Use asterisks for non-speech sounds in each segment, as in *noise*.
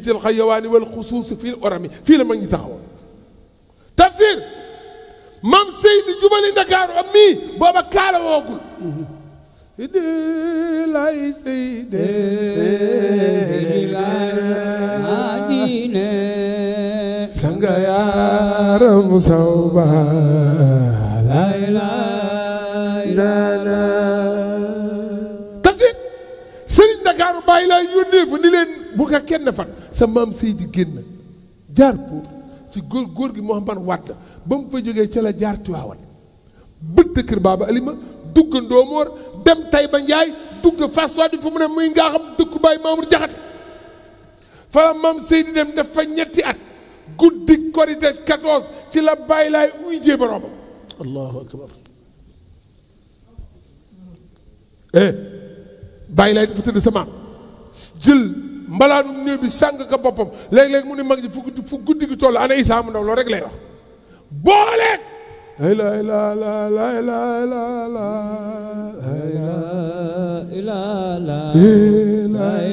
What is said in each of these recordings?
intil xayawaani wal xusuusi fii orami sëriñ Ndakaaru bàyyi laa yónnee fa ni leen bu ko kenn fan sa maam Seydi génn jaar pour ci góor góor gi Mouhamad Wade ba mu fa jógee ca la jaar Tiwaawan bëtt kër Baaba Alima dugg Ndoomoor dem Tayba Njaay dugg Fass Wade fu mu ne muy ngaa dëkku Baay Maamur Jaxate fa la maam Seydi dem def ñetti at guddi korité 14 ci la bàyyi laay uy jee boroomam allahu akbar eh, bàyyi laay dafa tëdd sama jël mbalaanu néew bi sàng ka boppam léeg-léeg mu ne mag ji fu guddi fu guddi ana Isaa mu ndaw loolu rek lay wax boole. la ilaha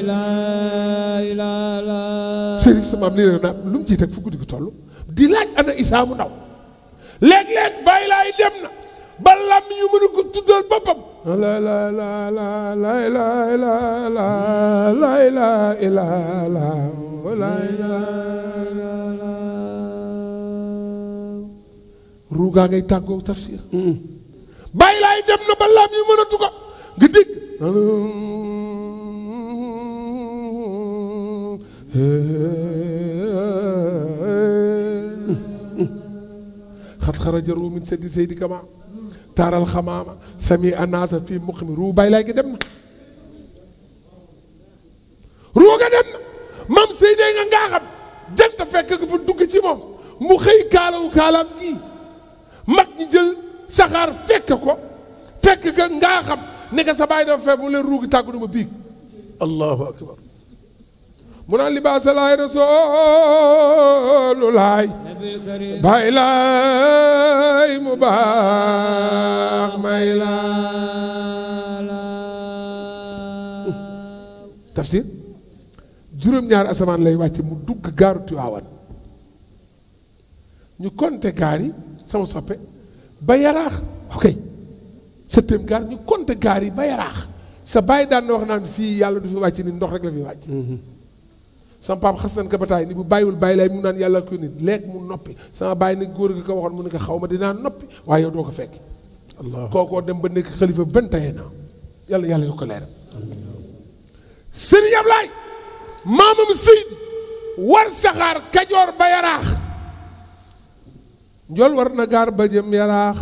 illallah sëriñ sama am lii naa lu mu ciy teg fu guddi gi toll di laaj ana Isaa ndaw léeg-léeg bàyyi dem na. ba làmmi ñu mën a ko tuddal boppam la la la la la la la la la la la la ruugaa ngay tàggoo tafsir bàyyi laay dem na ba laam yu mën a tuka nga dégg xat xaraja ruumin sedi seydi kama taaral xamaama sami anaasa fii muqmi ruu bay lay gi dem na ruu nga dem na mam sëy nga ngaa xam jant fekk nga fa dugg ci moom mu xëy kaalawu kaalaam gi mag ñi jël saxaar fekk ko fekk nga ngaa xam ne ka sa baay dafa feebu leen gi tàggu duma biig allahu akbar mu naan libaasa laay rasoolu laay bàyyi laay mu baax may laay tafsir juróom-ñaari asamaan lay wàcce mu dugg gaaru Tiwaawan ñu konte gaar yi sama soppe ba yaraax ok septième gaar ñu konte gaar yi ba yaraax sa bàyyi daan na wax naan fii yàlla du fi wàcc ni ndox rek la fi wàcc mm-hmm. sama papa xas nañ ko bataay ni bu bàyyiwul bàyyi lay mu naan yàlla ko nit léeg mu noppi sama bàyyi ni góor gi ko waxoon mu ne ko xaw ma dinaa noppi waaye yow doo ko fekk kookoo dem ba nekk xalifa vingt et un ans yàlla yokk leer sëriñ Ablaay maamam Seydi war saxaar kajoor ba yaraax njool war na gaar ba jëm yaraax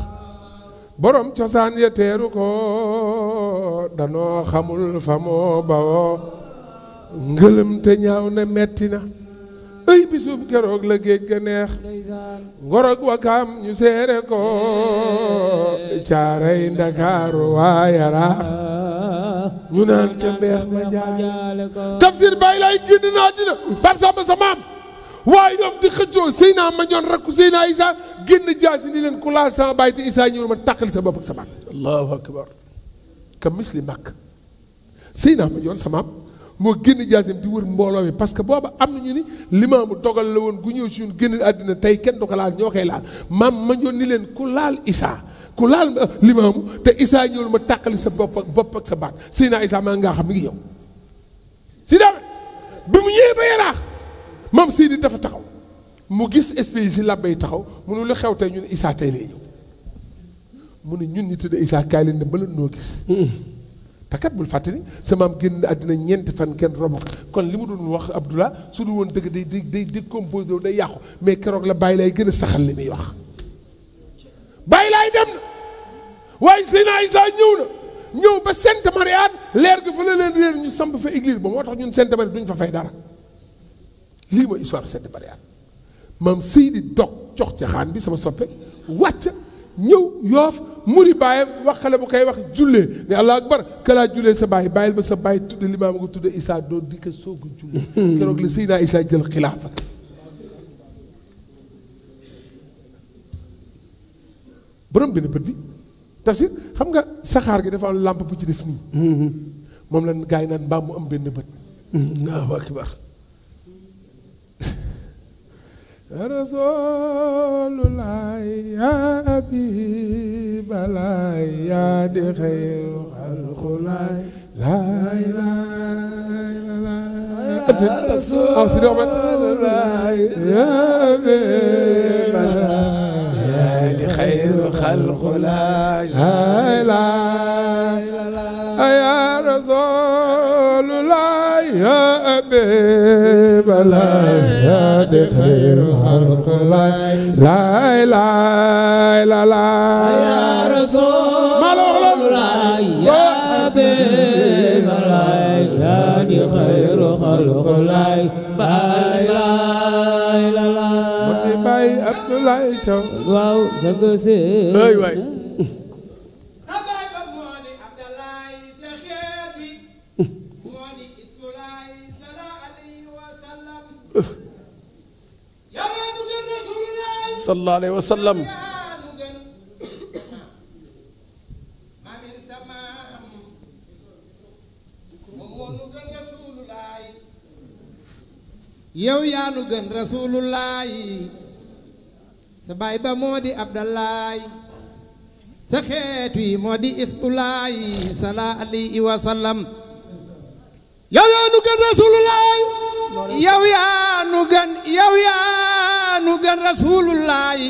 borom cosaan ya teeru ko danoo xamul fa moo ngëlëm te ñaaw na metti na ay bisub keroog la géej ga neex ngorog wakaam ñu seere ko caaray ndakaaru waa yaraax ñu naan ca mbeex ma jaale tafsir bàyyi laay génn naa dina pam sa maam waaye ñoom di xëccoo sëy naa ma ñoon rakku sëy naa isa génn jaasi ni leen ku laal sama bàyyi te isa ñëw ma tàqali sa bopp ak sa maam ka misli màkk sëy naa ma ñoon sa maam moo génn jaasim di wër mbooloo mi parce que booba am na ñu ni limaamu dogal la woon gu ñëw si ñun génn àddina tey kenn du ko laal ñoo koy laal maam ma ñoon ni leen ku laal isaa ku laal euh, limaamu te isaa ñëwul ma tàqali sa bopp ak bopp ak sa baat sii naa isaa maa ngaa xam ngi yow si bi mu ñëwee ba yaraax maam Seydi dafa taxaw mu gis espèce si làbbe taxaw mu ne lu xew tey ñu ne isaa tey lay ñëw mu ne ñun ñi tudd isaa kaay leen ne noo gis hmm. te kat bul fàttali sa maam génn àddina ñeenti fan kenn robo kon li mu doon wax Abdullah su dul woon dëgg day day décomposé wu day yàqu mais keroog la bàyyi lay gën a saxal li muy wax. bàyyi laay dem na waaye Seydina Isa ñëw na ñëw ba Sainte Marie leer gi fa la leen réer ñu samp fa église ba moo tax ñun Sainte Marie duñ fa fay dara lii mooy histoire Sainte Marie maam Seydi dog jox ci xaan bi sama soppe wàcc. ñëw yoof muri baayam wax xale bu koy wax jullee ne allah akbar kalaa jullee sa baay bàyyil ba sa baay tudde li maama ko tudde isaa doon di ko soog a jullee *laughs* keroog la Seydina Isaa jël xilaafa borom benn bët bi tafsir xam nga saxaar gi dafa am làmp bu ci def nii mm-hmm. moom la gaa yi naan mbaam mu am benn bët waaw mm-hmm. akbar رسول الله يا أبي بلاي يا دي خير خلق لا لا إله رسول الله يا أبي بلاي يا دي خير خلق لا لا إله يا رسول الله يا أبي لا يا خير خلق الله لا لا لا لا يا رسول الله يا حبيب الله يا خير خلق الله لا لا لا لا باي عبد الله واو سقسي اي واي sallallahu alayhi wa sallam yow yaa nu gën rasulullaahi sa baay ba moo di abdallaay sa xeet wi moo di isbulaay salaa alayhi wa sallam yow yaa nu gën rasulullaay yow gën yow gën rasulullaay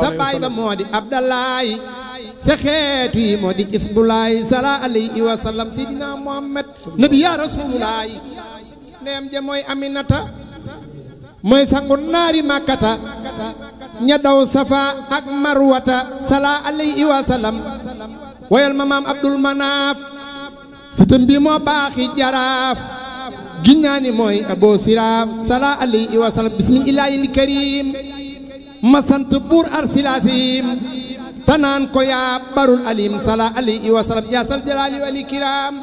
sa baay ba moo di abdallaay sa moo di isbulaay sala alayhi wa sallam sidina muhammad nabi yaa rasulullaay ndeyam ja mooy aminata mooy sangu naari makkata ña daw safa ak marwata sala alayhi wa sallam woyal ma maam abdul manaaf sëtëm bi moo baaxi jaraaf ginnaani mooy aboo siraaf salaa alayhi wa salaam bismillaahi karim ma sant buur arsilaasim tanaan ko yaa barul alim salaa alayhi wa salaam yaa jalaali wal ikram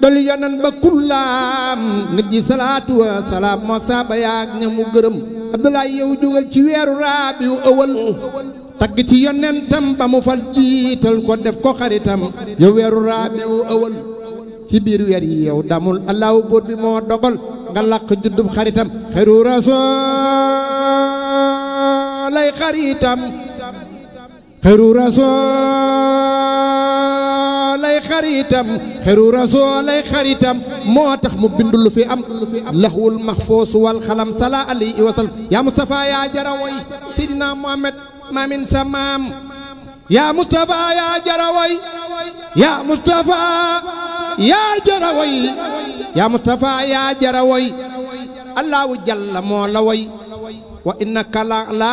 dolli yonan ba kullaam nit ji salaatu wa salaam moo saaba yaag ñamu gërëm abdoulaye yow jógal ci weeru raabiu awal tagg ci yonentam ba mu fal jiital ko def ko xaritam yow weeru raabiu awal ci biir weer yi yow damul allahu buur bi moo dogal nga làq juddub xaritam xeru rasoolay xaritam xeru rasoolay xaritam moo tax mu bindu lu fi am laxwul maxfoos wal xalam sala alayhi wa sallam yaa Moustapha yaa jarawoy sidina Mohamed mamin sa maam yaa Moustapha yaa jarawoy yaa yaa jara woy yaa Mustafa yaa jara woy allahu jalla moo la woy wa innaka la la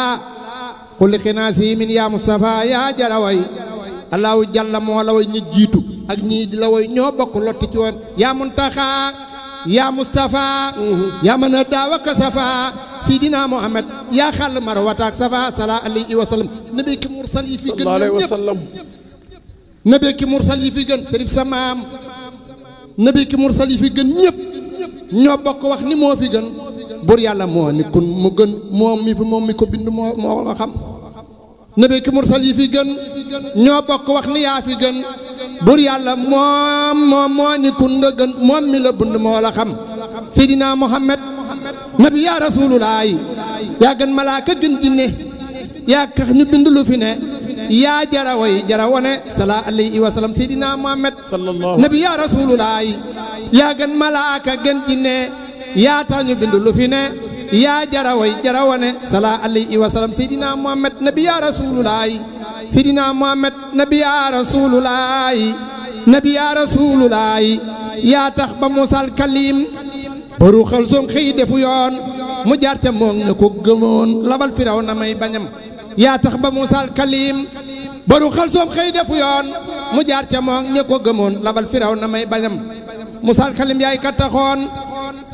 xulliqi naa si min yaa Mustafa yaa jara woy allahu jalla moo la woy ñu jiitu ak ñii di la woy ñoo bokk lotti ci woon yaa Muntaxa yaa Mustafa yaa mën a daaw ak safa sidina Muhammad yaa xàll marwata ak safa salaa alayhi wa sallam nabi ki mursal yi fi gën ñëpp nabi ki mursal yi fi gën sërif sa maam nabi ki mursal yi fi gën ñëpp ñoo bokk wax ni moo fi gën buur yàlla moo ni kun mu gën moom mi ko bind moo moo la xam nabi ki mursal yi fi gën ñoo bokk wax ni yaa fi gën buur yàlla moom moom moo ni kun nga gën moom mi la bind moo la xam seydina muhammad nabi yaa rasuululaayi yaa gën malaaka gën jinne yaa kax ñu bind lu fi ne yaa jara way jara alayhi wa sallam seydina muhammad nabi ya rasulullahi yaa gën malaaka gën jinne yaa tañu bindu lu yaa jara way jara alayhi wa seydina muhammad nabi ya rasulullahi nabi ya rasulullahi yaa tax ba musal kalim baru xel som xëy defu yoon mu jaar ca moom na ko gëmoon labal firaw may bañam yaa tax ba muusal kalim boru xel xëy defu yoon mu jaar ca moo ña ko gëmoon labal firaw na may bañam muusal kalim yaay ka taxoon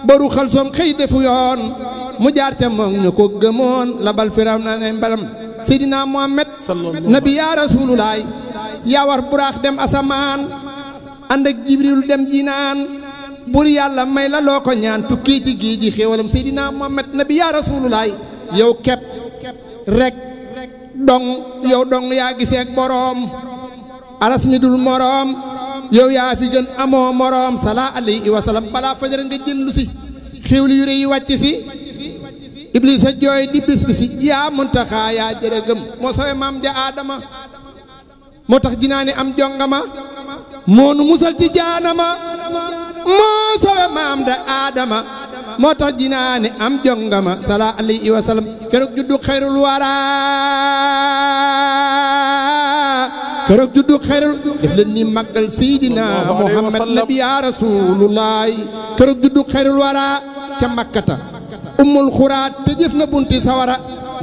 boru xëy defu yoon mu jaar ca moo ña ko gëmoon labal firaw na may bañam seydina muhammad nabi yaa rasuululaay yaa war buraax dem asamaan ànd ak jibril dem jinaan bur yàlla may la loo ko ñaan tukkii ci gii ji xéewalam seydina muhammad nabi yaa rasuululaay yow kepp rek dong yow dong yaa giseek boroom aras mi dul moroom yow yaa fi gën amoo moroom salaa alayhi wa salaam balaa fajar nga jëllu si xiwli yu rëy yi si iblis a jooy di bis yaa muntaxaa yaa jërëgëm moo sowe maam ja aadama moo tax jinaani am jongama moo nu musal ci jaanama moo sowe maam da aadama moo tax jinaane am jongama sala alayhi wa sallam juddu xayrul wara keroog juddu xayrul def leen ni màggal seydina muhammad nabi ya rasulullahi keroog juddu xayrul wara ca makkata ummul xuraat te jëf na bunti sawara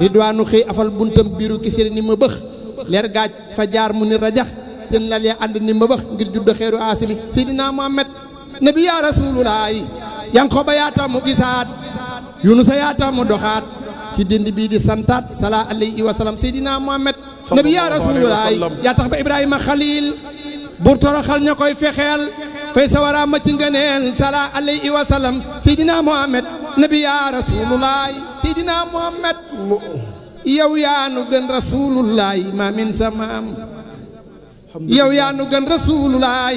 ridwaanu xëy afal buntam biiru kisir ni ma bëx leer gaaj fa jaar mu ni rajax seen lal ya ànd ni ma bëx ngir juddu xayru asimi seydina muhammad nabi ya rasulullahi yankoba yaata mu gisaat yunusa yaata mu doxaat ci dënd bii santaat sala alayhi nabi yaa rasuululaay yaa tax ba ibrahima xaliil bur toroxal ña koy fexeel fay sawaraa ma ci ngëneel sala alayhi nabi yaa rasuululaay seydina muhammad yow gën rasuululaay maamin sa maam yow gën rasuululaay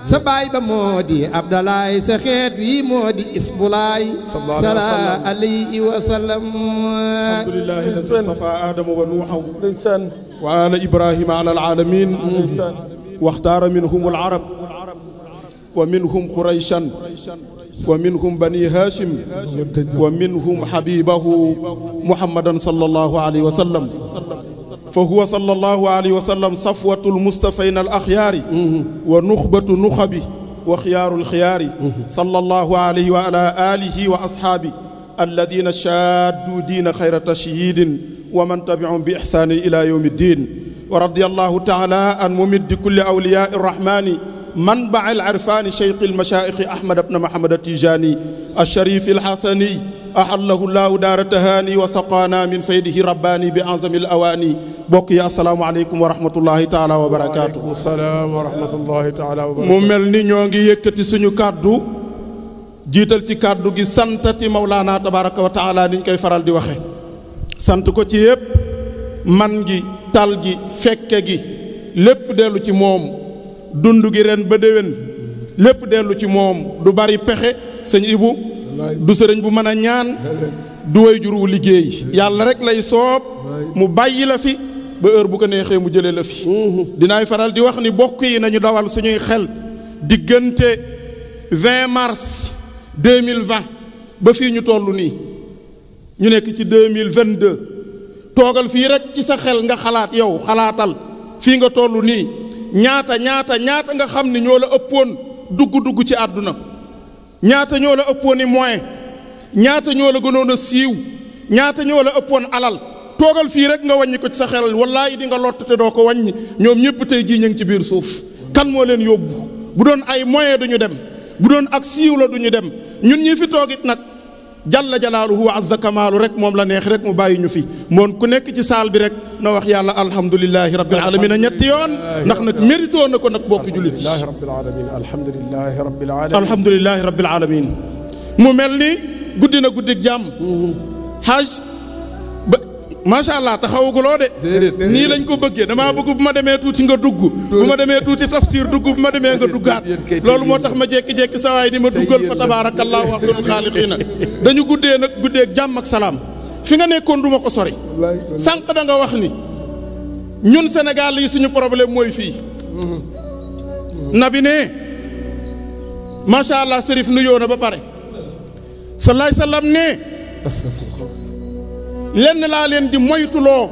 sa baay ba moo di abdalaay sa xeet wi moo di isbulaay sala alayhi wa sallam alhamdulillahi la mustafa aadama wa nuuxaw wa ala ibrahima ala alaalamin waxtaara minhum alarab wa minhum qurayshan wa minhum bani hashim wa minhum habibahu muhammadan sallallahu alayhi wa sallam fa huwa sallallahu alayhi wa sallam safwatul mustafayna al axyaari wa nuxbatu nuxabi wa xiyaarul xiyaari sallallahu alayhi wa ala alihi wa ashaabi alladina shaaddu diina xayra tashyidin wa man tabiahum bi ixsaanin ila yawmi ddin wa radiyallahu taala an mumiddi kulli awliyaai rrahmani manbai al irfani cheikh al mashaayix ahmad bna mahamad atijani alsharif alxasani ah laahu daara tahaani wa saqaana min faydihi rabbaani bi anzamil awaani bokk yi asalaamaaleykum wa wa barakaatu. waaleykum wa barakaatu. mu mel ni ñoo ngi yëkkati suñu kàddu jiital ci kàddu gi santati Mawlaana tabaraka wa taala niñ koy faral di waxe sant ko ci yépp man gi tal gi fekke gi lépp dellu ci moom dund gi ren ba déwén lépp dellu ci moom du bari pexe sëñ Ibu. du sëriñ bu mën a ñaan du way jur liggéey yàlla rek lay soob mu bàyyi la fi ba heure bu ko neexee mu jëlee la fi dinaay faral di wax ni bokk yi nañu dawal suñuy xel diggante 20 mars 2020 ba fii ñu toll nii ñu nekk ci 2022 toogal fii rek ci sa xel nga xalaat yow xalaatal fii nga toll nii ñaata ñaata ñaata nga xam ni ñoo la ëppoon dugg-dugg ci àdduna ñaata ñoo la ëppoon i moyen ñaata ñoo la gënoon a siiw ñaata ñoo la ëppoon alal toogal fii rek nga wàññi ko sa xel wallaahi di nga lott doo ko wàññi ñoom ñëpp tey jii ñu ngi ci biir suuf kan moo leen yóbbu bu doon ay moyen duñu dem bu doon ak siiw la duñu dem ñun ñi fi toogit nag jalla jalaaluhu wa azza kamaalu rek moom la neex rek mu bàyyi ñu fi moon ku nekk ci saal bi rek na wax yàlla alhamdulilahi rabbil alamin a ñetti yoon ndax nag mérito na ko nag bokk jullit yi alhamdulilahi rabbil alamin mu mel ni guddi na guddik jàmm xaaj mm-hmm. macha allah taxawaguloo de. nii lañ ko bëggee damaa bëgg bu ma demee tuuti nga dugg. bu ma demee tuuti tafsir dugg bu ma demee nga duggaat. loolu moo tax ma jékki-jékki sawaay di ma duggal fa tabaarakallaahu ahsanul xaaliqiina dañu guddee nag guddee ak jàmm ak salaam fi nga nekkoon du ma ko sori. sànq da nga wax ni ñun Sénégal yi suñu problème mooy fii. Mm-hmm. nabi ne macha allah sërif nuyoo na ba pare. salaay salaam ne. lenn laa leen di moytuloo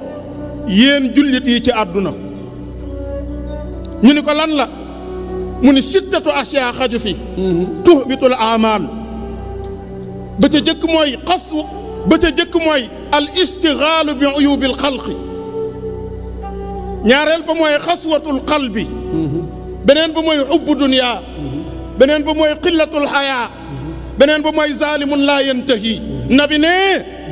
yéen jullit yi ci àdduna ñu ni ko lan la mu ni sittatu asiya xaju fi aamaal mm-hmm. ba ca jëkk mooy xasu ba ca jëkk mooy al istigaalu bi uyubil xalqi ñaareel ba mooy xaswatul qalbi mm-hmm. beneen ba mooy xubbu duniyaa mm-hmm. beneen ba mooy xillatul xayaa beneen bu mooy zaalimun laa yantahi nabi ne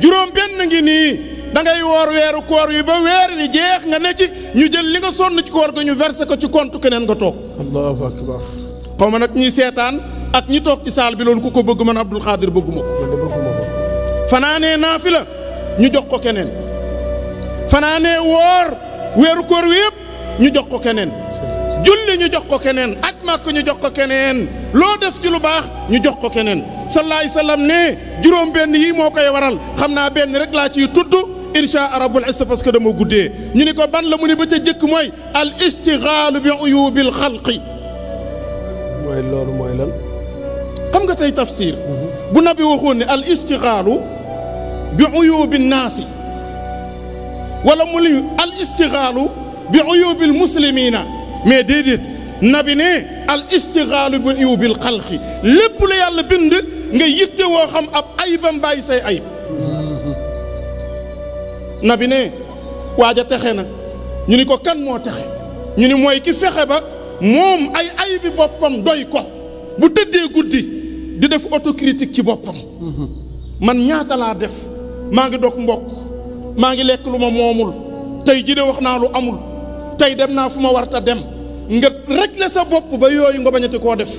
juróom benn ngi nii da ngay woor weeru koor wi ba weer wi jeex nga ne ci ñu jël li nga sonn ci koor ga ñu versé ko ci kont keneen nga toog. allahu akbar ma nag ñuy seetaan ak ñi toog ci saal bi loolu ku ko bëgg man Abdul Xaadir bëgguma ko. fanaanee naafi la ñu jox ko keneen fanaane woor weeru koor wi yëpp ñu jox ko keneen. julli ñu jox ko keneen aj màkk ñu jox ko keneen loo def ci lu baax ñu jox ko keneen sallallahu alayhi wasallam ne juróom benn yi moo koy waral xam naa benn rek laa ciy tudd insha rabbul izza parce que dama guddee ñu ni ko ban la mu ni ba ca jëkk mooy al istigaalu bi uyubil xalqi mooy loolu mooy lan xam nga tey tafsir mm-hmm. bu nabi waxoon ne al istigaalu bi uyubi naasi wala mu ni al istigaalu bi uyubil muslimiina mais déedéet nabi ne al istixaalu bi iw bil xalqi lépp la yàlla bind nga yitte woo xam ab ayibam bàyyi say ayib nabi ne waaj a texe na ñu ni ko kan moo texe ñu ni mooy ki fexe ba moom ay ayibi boppam doy ko bu tëddee guddi di def autocritique ci boppam man ñaata laa def maa ngi dog mbokk maa ngi lekk lu ma moomul tey ji de wax naa lu amul tey dem naa fu ma warta dem nga la sa bopp ba yooyu nga bañati koo def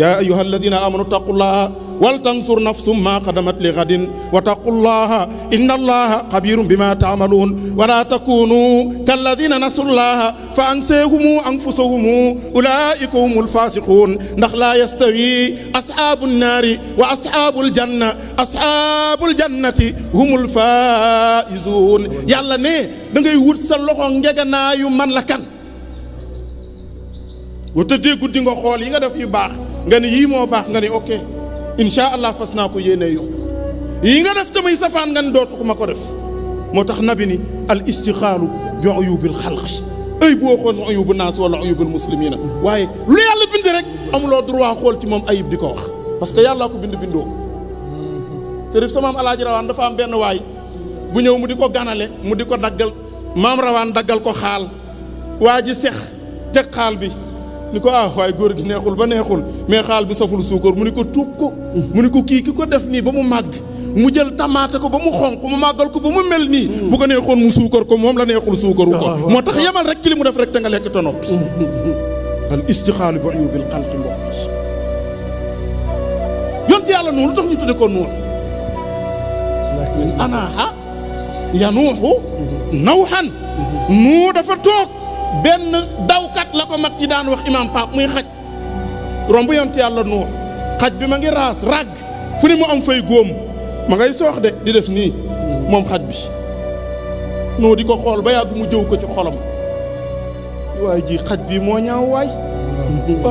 yaa ayyuha alladina amanu taqullaha wal tanzur nafsum maa qadamat li gadin wa taqullaha inna allaha xabirum bima taamaluun wala takunu kalladina nasullaha fa anseehumu anfusahumu ulaika hum alfasiquun ndax laa yastawi ashaabu nnaari wa ashaabu aljanna ashaabu aljannati hum alfaizuun yàlla ne da ngay wut sa loxo ngeganaayu man la kan bu tëddee guddi nga xool yi nga def yu baax nga ne yii moo baax nga ne ok incha allah fas naa ko yéenee yokk yi nga def tamay safaan nga ne dootu ko ma ko def moo tax nabi ni al istixaalu bi uyubil xalqi ay boo xool uyubu naas wala uyubil muslimina waaye lu rek amuloo droit xool ci moom ayib parce que yàllaa ko bind bindoo sërif rawaan dafa am benn waay bu ñëw mu di ko ganale mu di ko daggal maam rawaan daggal ko xaal waa ji sex teg xaal bi ni ko ah waaye góor gi neexul ba neexul mais xaal bi saful suukar mu ne ko tuub ko mu ni ko kii ki ko def nii ba mu màgg mu jël tamaate ko ba mu xonq mu màggal ko ba mu mel nii mm. bu ko neexoon mu suukar ko moom la neexul suukaru ko ah, moo tax yemal rek ci li mu def rek da nga lekk te noppi mm. al istixaalu bi uyubil xalqi mbokk yonte yàlla nuur lu tax ñu tudde ko nuur anaaha yanuuxu mm-hmm. nawxan mm-hmm. nuu dafa toog benn dawkat la ko mag ñi daan wax imam Pape muy xaj romb yonent yàlla nuux xaj bi ma ngi raas ràgg fu ni mu am fay góom ma ngay soox de di def nii moom xaj bi noo di ko xool ba yàgg mu jëw ko ci xolam waaye ji xaj bi moo ñaaw waay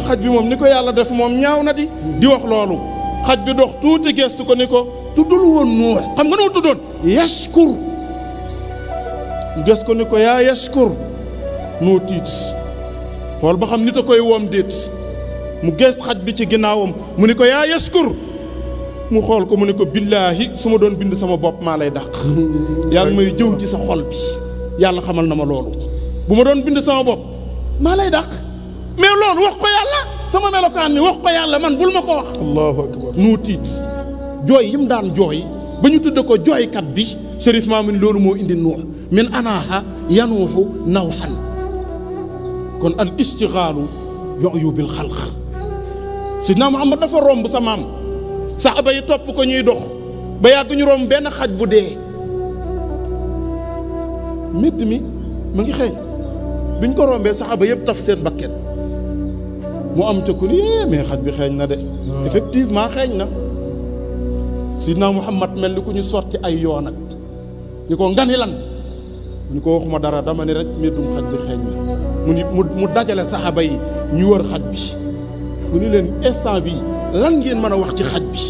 xaj bi moom ni ko yàlla def moom ñaaw na di di wax loolu xaj bi dox tuuti gestu ko ni ko tuddul woon nuux xam nga nu mu tuddoon yashkur gës ko ni ko yaa yashkur noo tiit xool ba xam nit a koy woom déet mu gees xaj bi ci ginnaawam mu ne ko yaa yaskur mu xool ko mu ne ko billaahi su ma doon bind sama bopp maa lay daq yaa ngi may jëw ci sa xol bi yàlla xamal na ma loolu bu ma doon bind sama bopp maa lay dàq mais loolu wax ko yàlla sama melokaan ni wax ko yàlla man bul ma ko wax allahu akbar noo tiit jooy yi mu daan jooy ba ñu tudde ko jooykat bi Cherif ni loolu moo indi nuux min anaaha yanuuxu nawxan kon al istixaaru yoyu bil xalq sidna Muhammad dafa romb sa maam saxaba yi topp ko ñuy dox ba yàgg ñu romb benn xaj bu dee mbedd mi mu ngi xeeñ biñ ko rombee aba yëpp taf seen bakket mu am ca ku ni eh, mais xaj bi xeeñ na de effectivement xeeñ na sidna Muhammad mel ni ku ñu sotti ay yoon ak ñu ko ngani lan ñu ko wax ma dara dama ni rek mbëddum xaj bi xeeñ na mu ni mu dajale saxaaba yi ñu wër xaj bi mu ni leen instant bi lan ngeen mën a wax ci xaj bi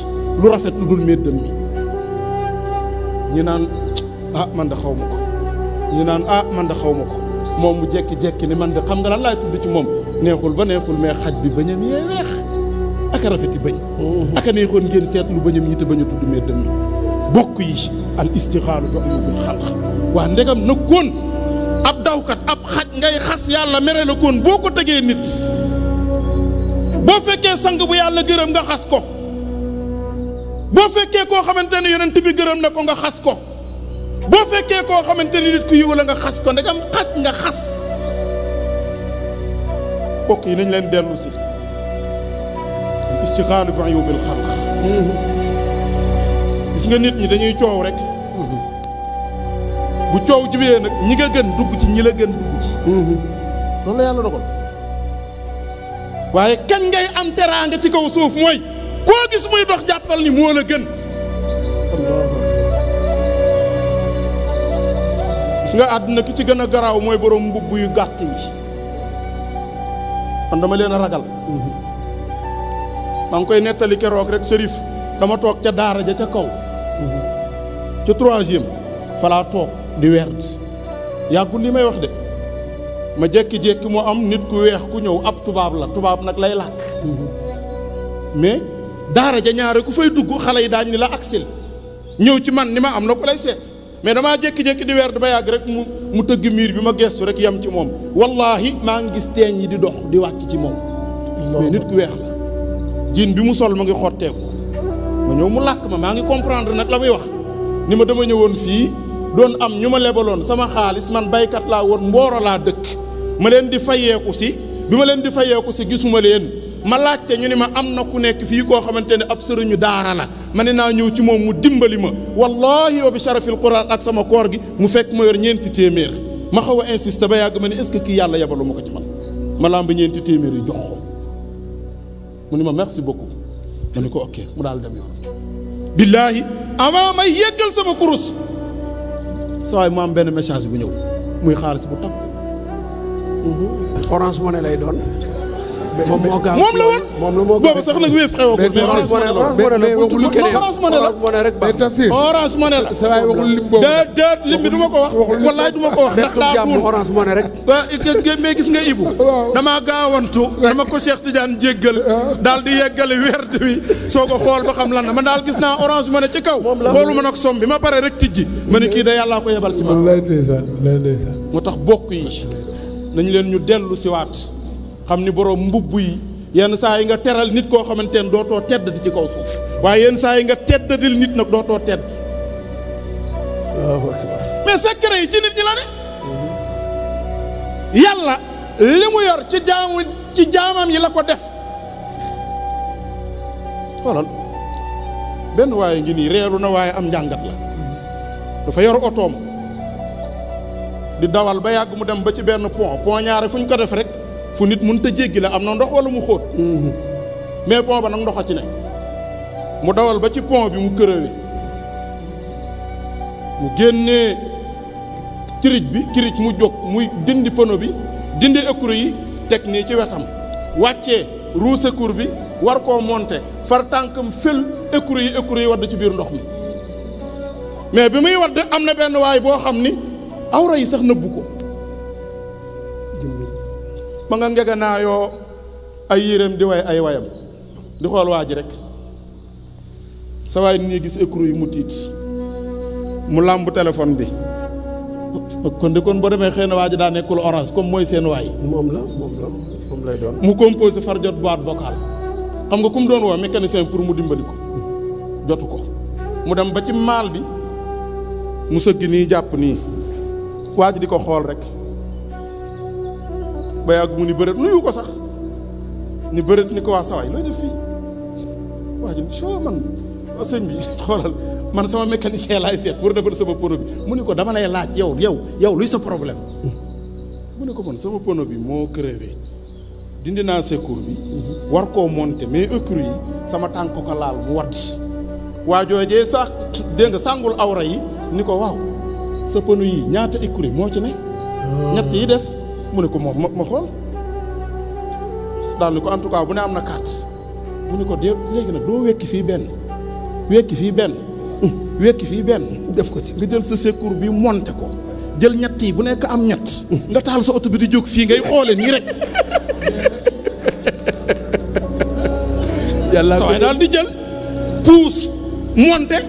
lu rafet lu dul meddam mi ñu naan ah man de xaw ma ko ñu naan ah man de xaw ma ko moom mu jekki-jekki ni man de xam nga lan laay tudd ci moom neexul ba neexul meex xaj bi bañam yee weex aka rafeti bañ mm-hmm. aka neexoon ngeen seetlu bañam yi te bañ a tudd meddam mi bokk yi al istixaaru bi uyubul xalq waa ndegam nag ab dawkat ab ngay xas yàlla mere la boo ko tegee nit boo fekkee sang bu yàlla gërëm nga xas ko boo fekkee koo xamante ne yonent bi gërëm na ko nga xas ko boo fekkee koo xamante ni nit ku yiw la nga xas ko ndegam xaj nga xas bokk yi nañ leen dellu si istixaalu bi ayubil xalq hmm. gis nga nit ñi dañuy coow rek bu coow jubee nag ñi nga gën dugg ci ñi la gën dugg ci mm-hmm. loolu la yàlla dogal waaye kañ ngay am teraanga ci kaw suuf mooy koo gis muy dox jàppal ni moo la gën gis nga àdduna ki ci gën a garaaw mooy borom mbubb yu gàtt yi man dama leen a ragal mm-hmm. maa ngi koy nettali keroog rek sërif dama toog ca daara ja ca kaw mm-hmm. ca troisième falaa toog di werd yàggul li may wax de ma jékki-jékki mu am nit ku weex ku ñëw ab tubaab la tubaab nag lay làkk mais daara ja ñaare ku fay dugg xale yi daañ ni la aksil ñëw ci man ni ma am na ku lay seet mais damaa jékki-jékki di weer ba yàgg rek mu mu tëgg miir bi ma gestu rek yem ci moom wallaahi maa ngi gis teeñ yi di dox di wàcc ci moom mais nit ku weex la jiin bi mu sol ma ngi xotteeku ma ñëw mu làkk ma maa ngi comprendre nag la muy wax ni ma dama ñëwoon fii doon am ñu ma lebaloon sama xaalis man baykat laa woon mbooro laa dëkk ma leen di fayeeku si bi ma leen di fayeeku si gisuma leen ma laajte ñu ne ma am na ku nekk fii koo xamante ne ab sëriñu daara la ma ne naa ñëw ci moom mu dimbali ma wallahi wa bi sharafil quran ak sama koor gi mu fekk ma yor ñeenti téeméer ma xaw a ba yàgg ma ne est ce que kii yàlla yabalu ma ko ci man ma làmb ñeenti téeméer yi jox ko mu ne ma merci beaucoup ma ne ko ok mu daal dem saa waay mu am benn message bu ñëw muy xaalis bu takk orange money lay doon moom la woon. moom la moo boobu sax nag wéef xewoo ko. mais orange money du ma ko wax. wallaay du ma ko wax ndax daa buur orange money rek. mais gis nga Ibou. *laughs* damaa gaawantu dama ko Cheikh Tidiane daal di yeggale werd wi soo ko xam lan la man daal gis naa orange money ci kaw. xooluma nag som bi ma pare rek tijji da yàllaa ko yebal ci ma. moo tax bokk yi nañ leen ñu dellu siwaat xam ni boroom mbubb yi yenn saa yi nga teral nit koo xamante ne dootoo tedd di ci kaw suuf waaye yenn saa yi nga teddadil nit nag dootoo tedd mais secret yi ci nit ñi la ne yàlla li mu yor ci jaamu ci jaamam yi la ko def xoolal benn waaye ngi nii reeru na waaye am njàngat la dafa yor otoom di dawal ba yàgg mu dem ba ci benn pont pont ñaare fu ñu ko def rek fu nit mënut a jéggi am na ndox wala mu xóot. Mm-hmm. mais pont ba nag ndox a ci ne. mu dawal ba ci pont bi mu kërëwe mu génnee kirij bi kirij mu jóg muy dindi pono bi dindi écrou yi teg nii ci wetam wàccee roue secours bi war koo monte far tànkam fël écrou yi écrou yi wadd ci biir ndox mi mais bi muy wadd am na benn waay boo xam ni awra yi sax nëbbu ko. ma nga ngeganaayoo ay yéreem di way ay wayam di xool waa ji rek sa waay ni gis écrou yi mu tiit mu làmb téléphone bi kon de kon boo demee xëy na waa daa nekkul orange comme mooy seen waay moom la moom la lay doon mu composé far jot boîte vocale xam nga ku mu waa woo mécanicien pour mu dimbali ko jotu ko mu dem ba ci maal bi mu sëgg nii jàpp nii waa ji di ko xool rek ba ak mu ni bërët nuyu ko sax ni bërët ni ko waa sawaay looy def fii waa ji soo man sëñ bi *laughs* xoolal man sama mécanicien laay seet pour defar sama pono bi mu ni ko dama lay laaj yow yow yow luy sa problème mu ne ko man sama pono bi moo crevé dindi naa secours bi war koo monter mais écrou yi sama tànk ko laal mu wadd waa joojee sax *coughs* dégg nga sàngul awra yi ni ko waaw sa pono yi ñaata écrou moo ci ne oh. ñett yi des mu ne ko moom ma ma xool daal ni ko en tout cas bu ne am na carte mu ne ko dé léegi nag doo wekki fii benn wekki fii benn wekki fii benn def ko ci nga jël sa secours bi monte ko jël ñett yi bu nekk am ñett nga taal sa oto bi di jóg fii ngay xoole nii rek yàlla sa waay daal di jël puus monte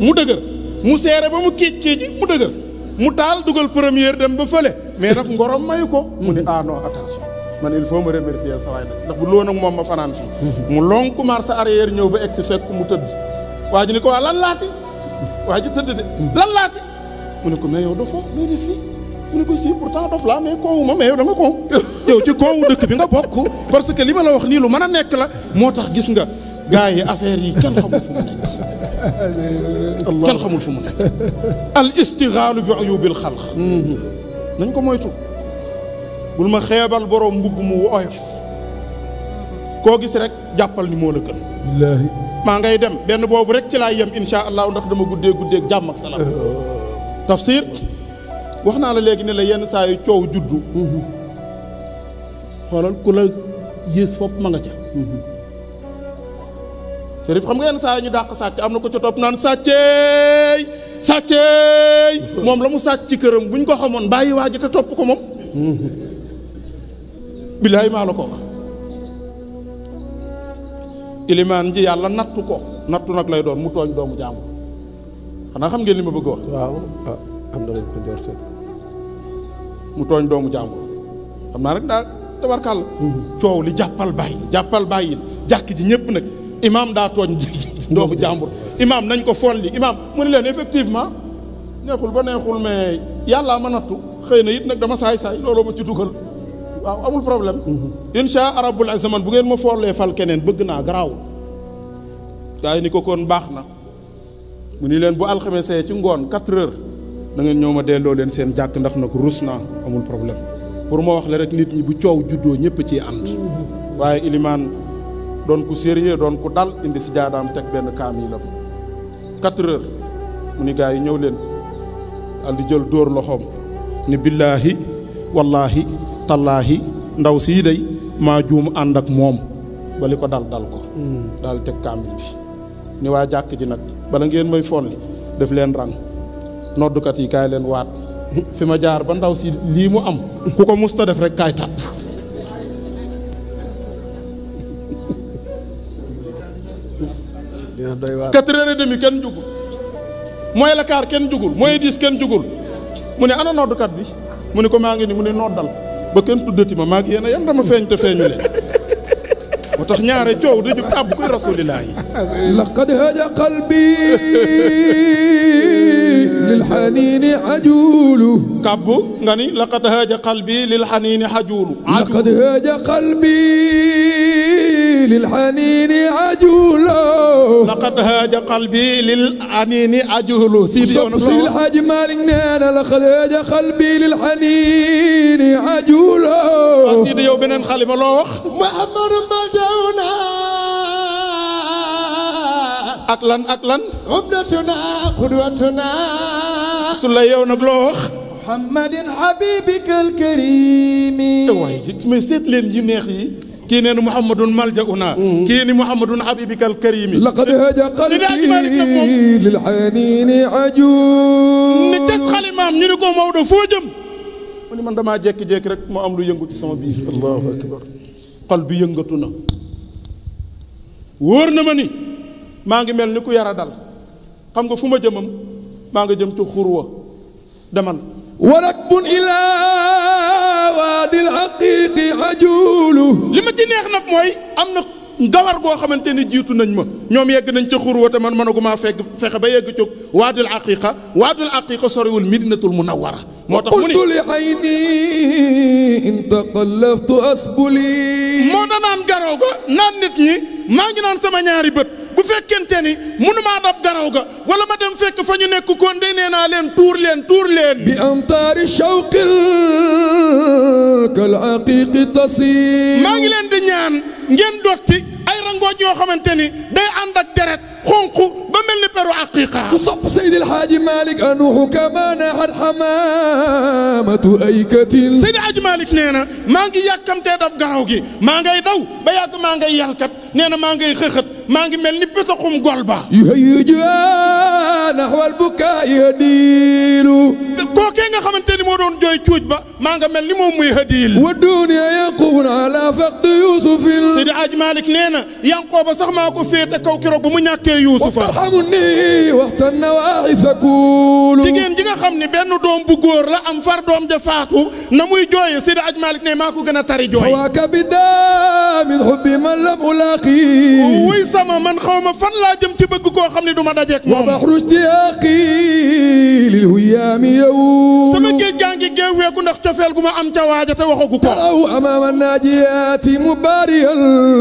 mu dëgër mu seere ba mu kiij kiiji mu dëgër mu taal dugal première dem ba fële mais nag ngorom mayu ko mu ne ah non attention man il faut ma remercier sa waay nag ndax bu loon moom ma fanaan fii mu long commencé arrière ñëw ba egg si fekk mu tëdd waa ji ni ko waa lan laati waa ji tëdd de lan mu ne ko mais yow dofoo mais di fii mu ne ko si pourtant dof laa mais koowu ma mais yow da nga koow yow ci koowu dëkk bi nga bokk parce que li ma la wax nii lu mën a nekk la moo tax gis nga gars yi affaire yi kenn xamul fu mu nekk *laughs* kenn xamul fu mu nañ ko moytu bul ma xeebal borom mbubb mu oyof koo gis rek jàppal ni moo la gën. maa ngay dem benn boobu rek ci laay yem incha allah ndax dama guddee guddee jàmm ak salaam. tafsir wax naa la léegi ne la yenn saa yu coow juddu. Mm-hmm. xoolal ku la yées fopp ma nga ca. Mm-hmm. Cherif xam nga yenn saa yi ñu dàq sàcc am na ko ca topp naan sàcceey. sàcceey moom la mu sàcc ci këram bu ñu ko xamoon bàyyi waa ji te topp ko moom bilaay maa ko wax ilimaan ji yàlla nattu ko nattu nag lay doon mu tooñ doomu jaamu xanaa xam ngeen li ma bëgg wax ah, doomu jàmbur xam naa rek daal tabarkàlla mm-hmm. coow li jàppal bàyyi jàppal bàyyi jàkk ji nag imaam daa tooñ doomu jàmbur imaam nañ ko folli imaam mu ne leen effectivement neexul ba neexul mais yàllaa ma nattu xëy na it nag dama saay-saay looloo ma ci dugal waaw amul problème mhm. insha rabbul azaman bu ngeen ma follee fal keneen bëgg naa garaawul waaye ni ko kon baax na mu ni leen bu alxamesee ci ngoon 4 heures da ngeen ñëw ma delloo leen seen jàkk ndax nag rus naa amul problème pour ma wax la rek nit ñi bu coow juddoo ñëpp ci ànd mhm. waaye ilimaan doon ku sérieux doon ku dal indi si jaadaam teg benn kaamilam quatre heures mu ni gaa yi ñëw leen al di jël dóor loxoom ni billaahi wallaahi tallaahi ndaw sii day maa juum ànd ak moom ba ko dal dal ko hmm. daal teg kaamil bi ni waa jàkk ji nag bala ngeen may folli def leen ran noddukat yi kaay leen waat *laughs* fi ma jaar ba ndaw si lii mu am ku ko musta def rek kaay tàpp quatre heures et demi kenn jugul mooy la kaar kenn jugul mooy dix kenn jugul mu ne ana noddkat bi mu ne ko maa ngi ni mu ne noddal ba kenn tuddati ma maa ngi yéen a yem dama feeñ te feeñu leen moo tax ñaare coow da jug tàbb koy rasulillah yi *laughs* laqad haja qalbi lil xaniini xajuulu kàbbu nga ni laqad haaja qalbi lil xaniini xajuulu laqad haaja qalbi lil xaniini xajuulu laqad haaja qalbi lil xaniini xajuulu Sidi yoonu Sow Sidi Xaaji Maalik nee na laqad haaja qalbi lil xaniini xajuulu Sidi yow beneen xalima loo wax Muhammadu Madawna ak lan ak lan. umdatuna qudwatuna. su la yow nag loo wax. muhammadin habibika alkarimi. te eh, waay mais seet leen yu neex yi. kii nee na muhammadun maljauna. Mm. kii ni muhammadun habibika alkarimi. laqad haja qalbi lil hanini ajub. ni tas xale maam ñu ne ko Maodo foo jëm. mu ne man damaa jékki-jékki rek moo am lu yëngu ci sama biir. allahu akbar xol bi yëngatu na. wóor na ma ni. maa ngi mel ni ku yara dal xam nga fu ma jëmam maa nga jëm ci xurwa demal wa rakbun ila waadil xaqiqi xajuulu li ma ci neex nag mooy am na gawar goo xamante ni jiitu nañ ma ñoom yegg nañ ca xurwa te man mënagumaa fekk fexe ba yegg cog waadul aqiqa waadul aqiqa soriwul midinatul munawara moo tax mu ni qultu li ayni in taqallaftu moo da naan garoo ga naan nit ñi maa ngi naan sama ñaari bët bu fekkente ni mënumaa dab garaw ga wala ma dem fekk fa ñu nekk kon de nee naa leen tuur leen tuur leen bi amtaari shawqil kal aqiqi tasi maa ngi leen di ñaan ngeen dotti ay rangooj yoo xamante ni day ànd ak deret xonq ba mel ni peru aqiqa ku sopp Seydil Haaji Malick anuuxu kama naxat xamaamatu aykatin Seydil Haaji Malick nee na maa ngi yàkkamtee dab garaw gi maa ngay daw ba yàgg maa ngay yàlkat nee na maa ngay xëxët maa ngi mel ni pésaxum gol ba yuhayyiju naxwal bukaa'i hadiilu kookee nga xamante ni moo doon jooy cuuj ba maa nga mel ni moom muy hadiil wa dunya yaquun ala faqdi yusufin Seydil Haaji Malick nee na na yanqooba sax maa ko féete kaw keroog ba mu ñàkkee yuusufa waxtarxamu ni waxta nawaisa kuulu jigéen ji nga xam ne benn doom bu góor la am far doom ja faatu na muy jooye Seydi Aj Malik ne maa ko gën a tari jooy waaka bi damin xubbi man lam ulaqi oh, wuy sama man xaw ma fan laa jëm ci bëgg koo xam ne du ma dajeek moom baxru stiaqi lil huyaami yow sama géej gaa ngi géewweeku ndax cofeel gu ma am ca waaja te waxagu ko taraw amaama naajiyaati mubaariyan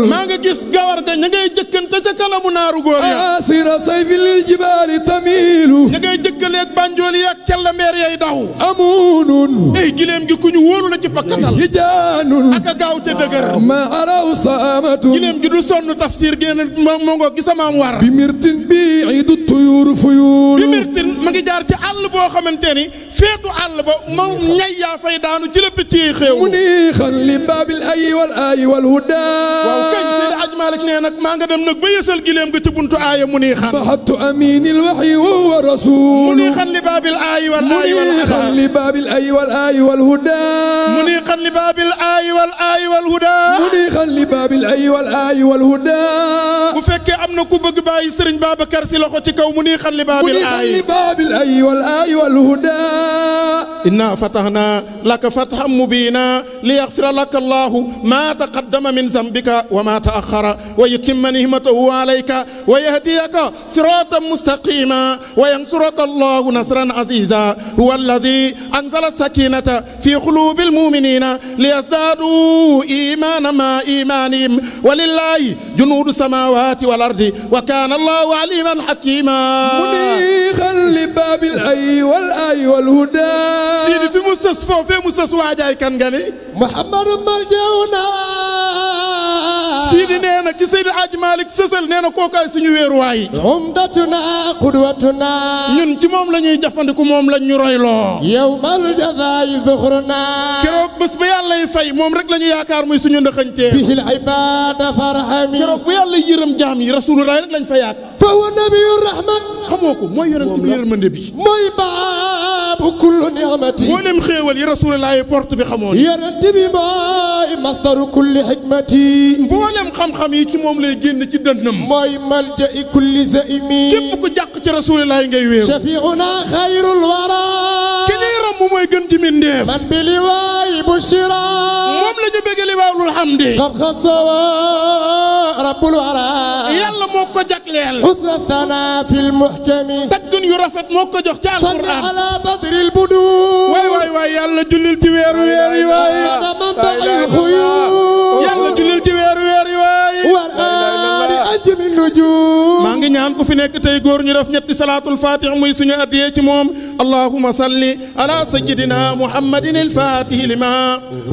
maa nga gis gawar ga ña ngay jëkkante ca kanamu naaru góor ya asira ah, sayfi lil jibaali tamiilu ña ngay jëkkaleeg bànjool yi ak cella meer yay daw amuunun ay gileem gi ku ñu la ci pakkatal hijaanun aka gaaw te dëgër ah, ma araw saamatu gileem gi du sonn tafsir génn moo ngo gi war bi mirtin bii du tuyuuru fuyuunu bi mirtin ma ngi jaar ci àll boo xamante ni feetu àll ba ma ñay yaa fay daanu ci la picc yi xéew mu ni xan li baabil ayi wal ayi wal hudaa Malick nee nag maa nga dem nag ba yësal gileem ga ci buntu aaya mu nii xan bahattu aminil waxyi wa huwa rasul mu nii xan li baabil aayi wal aayi wal huda mu nii xan li baabil aayi wal aayi wal huda munixan li baabil ay wal ay wal huda bu fekkee am na ku bëgg bàyyi sëriñ Babacar si loxo ci kaw munixan li baabil ay li baabil ay wal ay wal huda inna fatahna laka fathan mubina li yaxfira laka allahu ma taqaddama min zambika wa ma taaxara wa yutimma nihmatahu alayka wa yahdiyaka siratan mustaqima wa yansuraka allahu nasran aziza huwa alladi anzala sakinata fi qulubi almuminina li yazdaadu imana كان مع إيمانهم ولله جنود السماوات والأرض وكان الله عليما حكيما منيخا لباب الحي والآي والهدى سيدي في مستشفى في مستشفى جاي كان غني محمد مرجعنا سيدي نينا كي سيدي عاج مالك سسل نينا كوكاي سيني ويرواي عمدتنا قدوتنا ñun ci moom la ñuy jafandiku moom lañ ñu royloo yawmal jazaa'i zuxruna keroog bés ba yàlla yi fay moom rek la ñu yaakaar muy suñu ndax dëxëñtee bisil ibada farhami keroog bu yàlla yërëm jaam yi rasulullah rek lañ fa yaak fa huwa nabiyu rahmat xamoo ko mooy yonent bi yërmande bi mooy baabu kullu ni'mati mboolem xéewal yi rasulullah yi porte bi xamoon yonent bi mooy masdaru kulli hikmati mboolem xam-xam yi ci moom lay génn ci dënnam mooy malja'i kulli zaimi képp ku jàq ci rasulullah ngay wéeru shafi'una xayrul wara borom bu mooy gën ji mindeef man bi liwaay bu shira moom la ñu bëgg liwaayul hamdi qad xasawa rabbul wara yàlla moo ko jagleel xusna sana fil muhkami taggun yu rafet moo ko jox ci alquran ala badril budu waay waay waay yàlla jullil ci weeru weer yi waay fi nekk tey góor ñu def ñetti salaatul fatih muy suñu addiyee ci moom allahuma salli ala sayidina muhammadin alfatihi lima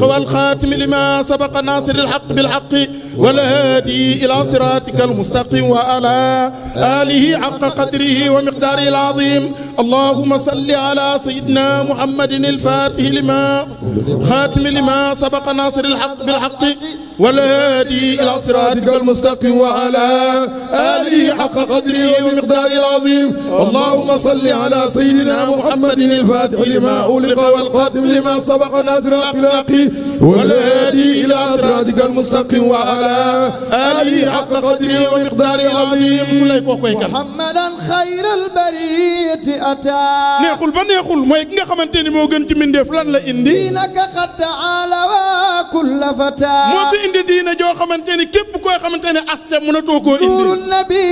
xawal xaatimi lima sabaqa nasiri alxaq bilxaqi والهادي إلى صراطك المستقيم وعلى آله حق قدره ومقداره العظيم اللهم صل على سيدنا محمد الفاتح لما خاتم لما سبق ناصر الحق بالحق والهادي إلى صراطك المستقيم وعلى آله حق قدره ومقداره العظيم اللهم صل على سيدنا محمد الفاتح لما أولق والقاتم لما سبق ناصر الحق والهادي إلى صراطك المستقيم وعلى وعلى آله حق قدره ومقداره العظيم sulay kooku koy kan muhammadan xayral bariyati ata neexul ba neexul mooy ki nga xamante ni moo gën ci mbindeef lan la indi naka qad taala kulla fataa moo fi indi diina joo xamante ni képp koo xamante ne aste mënatoo koo indi nuuru nabi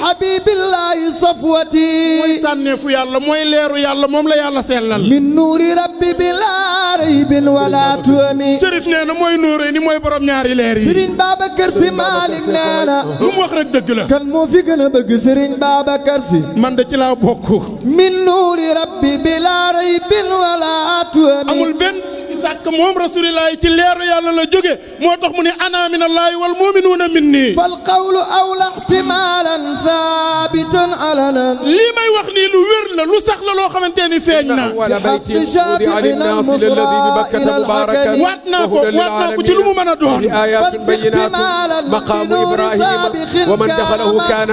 habibillahi safwati mooy tànneefu yàlla mooy leeru yàlla moom la yàlla sellal min nuuri rabbi bi laa raybin wala tuani sërif nee na mooy nuuré ni mooy borom ñaari leer yi sëriñ Babacar Si Maalik nee na lu mu wax rek dëgg la kan moo fi gën a bëgg sëriñ Babacar Si man da ci laa bokk min nuuri rabbi bi laa raybin wala tuani amul benn sàkk moom rasulillahi ci leeru yàlla la jóge moo tax mu ne ana min allaahi wal muminuuna min nii fal qawlu awla ihtimalan thabitan alalan lii may wax nii lu wér la lu sax la loo xamante ni feeñ na waat naa ko waat naa ko ci lu mu mën a doon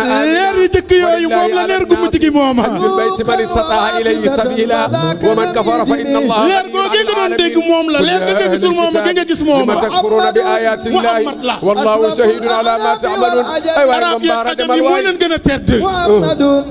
leer yu jëkk yooyu moom la leer gu mu mooma bil bayti man istata ilayhi sabila wa man kafara fa inna allah leer googu nga doon dégg moom la leer nga gisul moom nga nga gis moom la takfuruna bi ayati llahi wallahu shahidun ala ma ta'malun aywa arab yi ajam yi moo leen gën a tedd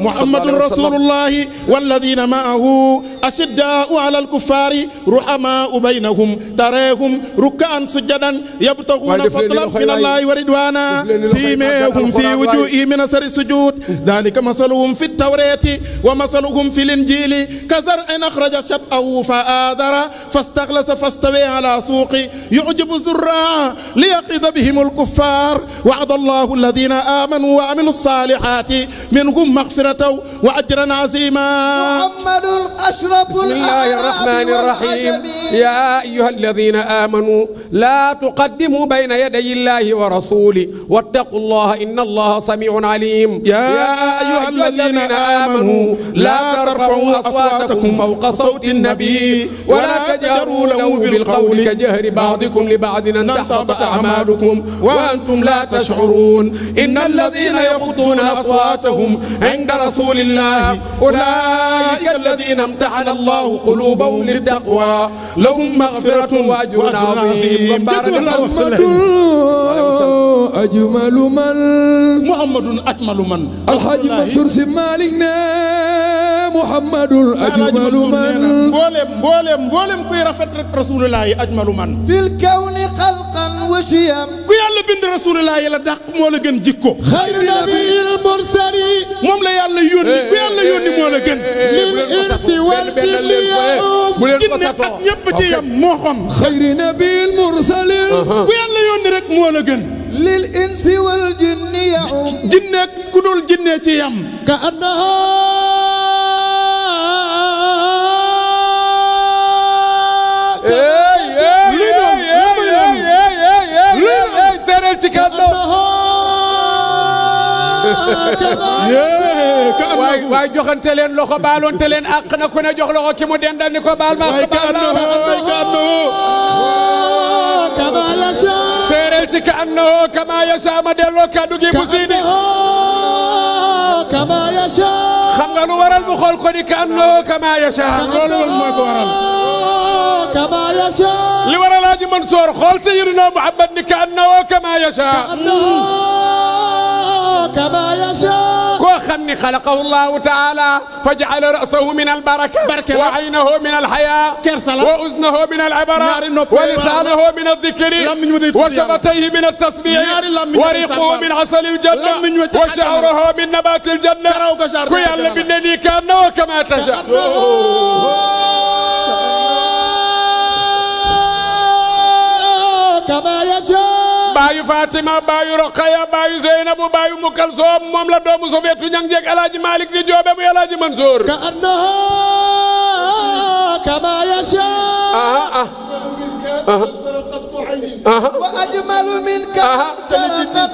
muhammadun rasulullahi walladina ma'ahu ashidda'u ala alkuffari ruhama'u baynahum tarahum ruk'an sujadan yabtaghuna fadlan min allahi wa ridwana simahum fi wujuhihim min asari sujud dhalika masaluhum fi tawrat tawreeti wa masaluhum fi linjiili ka zar'in axraja shat'ahu fa aadara fastaxlasa fastawe ala suuqi yujibu zurraa liyaqida bihim alkuffaar wa'ada allahu alladina amanu wa amilu saalihaati minhum maxfiratan wa ajran aziima bismillahi rahmani rahim ya ayyuha alladina amanu la tuqaddimu bayna yaday illahi wa rasulihi wattaqu allaha inna allaha samiun alim ya ayyuha alladina آمنوا لا ترفعوا أصواتكم فوق صوت النبي ولا تجهروا له بالقول كجهر بعضكم لبعض أن تحبط أعمالكم وأنتم لا تشعرون إن الذين يغضون أصواتهم عند رسول الله أولئك الذين امتحن الله قلوبهم للتقوى لهم مغفرة وأجر عظيم أجمل من محمد أكمل من الحاج منصور سمالي sayyidina muhammadul ajmalu man mboolem mboolem mboolem kuy rafet rek rasulullahi ajmalu man fil kawni xalqan wa shiyam ku yàlla bind rasulullahi la dàq moo la gën jikko xayru nabiyil mursali moom la yàlla yónni ku yàlla yónni moo la gën min insi wal jinni jinne ak ñépp ci yam moo xam xayru nabiyil mursali ku yàlla yónni rek moo la gën lil insi wal jinni jinne ku dul jinnee ci yam ka annahaa lii noonu lii noonu seereel ci kàddu *laughs* waay waay joxante leen loxo baaloonte leen àq na ku ne jox loxo ki mu dendal ni ko baal ma ko baal ma waay ka annahu séeréel ci ka annahu kama yasha ma delloo kàddu gi bu siini كما يشاء xam nga lu waral mu xool ko ni كأنه كما يشاء loolu mooy ko waral كما يشاء li waral Aji Mansour xool Seydina Muhammad ni كأنه كما يشاء كما يشاء كو خمني خلقه الله تعالى فجعل رأسه من البركة وعينه من الحياة وأذنه من العبرة ولسانه من الذكر وشفتيه من التسبيح وريقه من عسل الجنة وشعره من نبات الجنة كو يلا بالنبي كأنه كما تشاء كما يشاء baayu Fatima baayu Roqaya baayu Zeynabu baayu Mukalsoom moom la doomu Sofeetu ñang jeeg Alaaji Malik di joobe muy Alaaji Mansour ka annaha كما يشاء وأجمل منك ترقت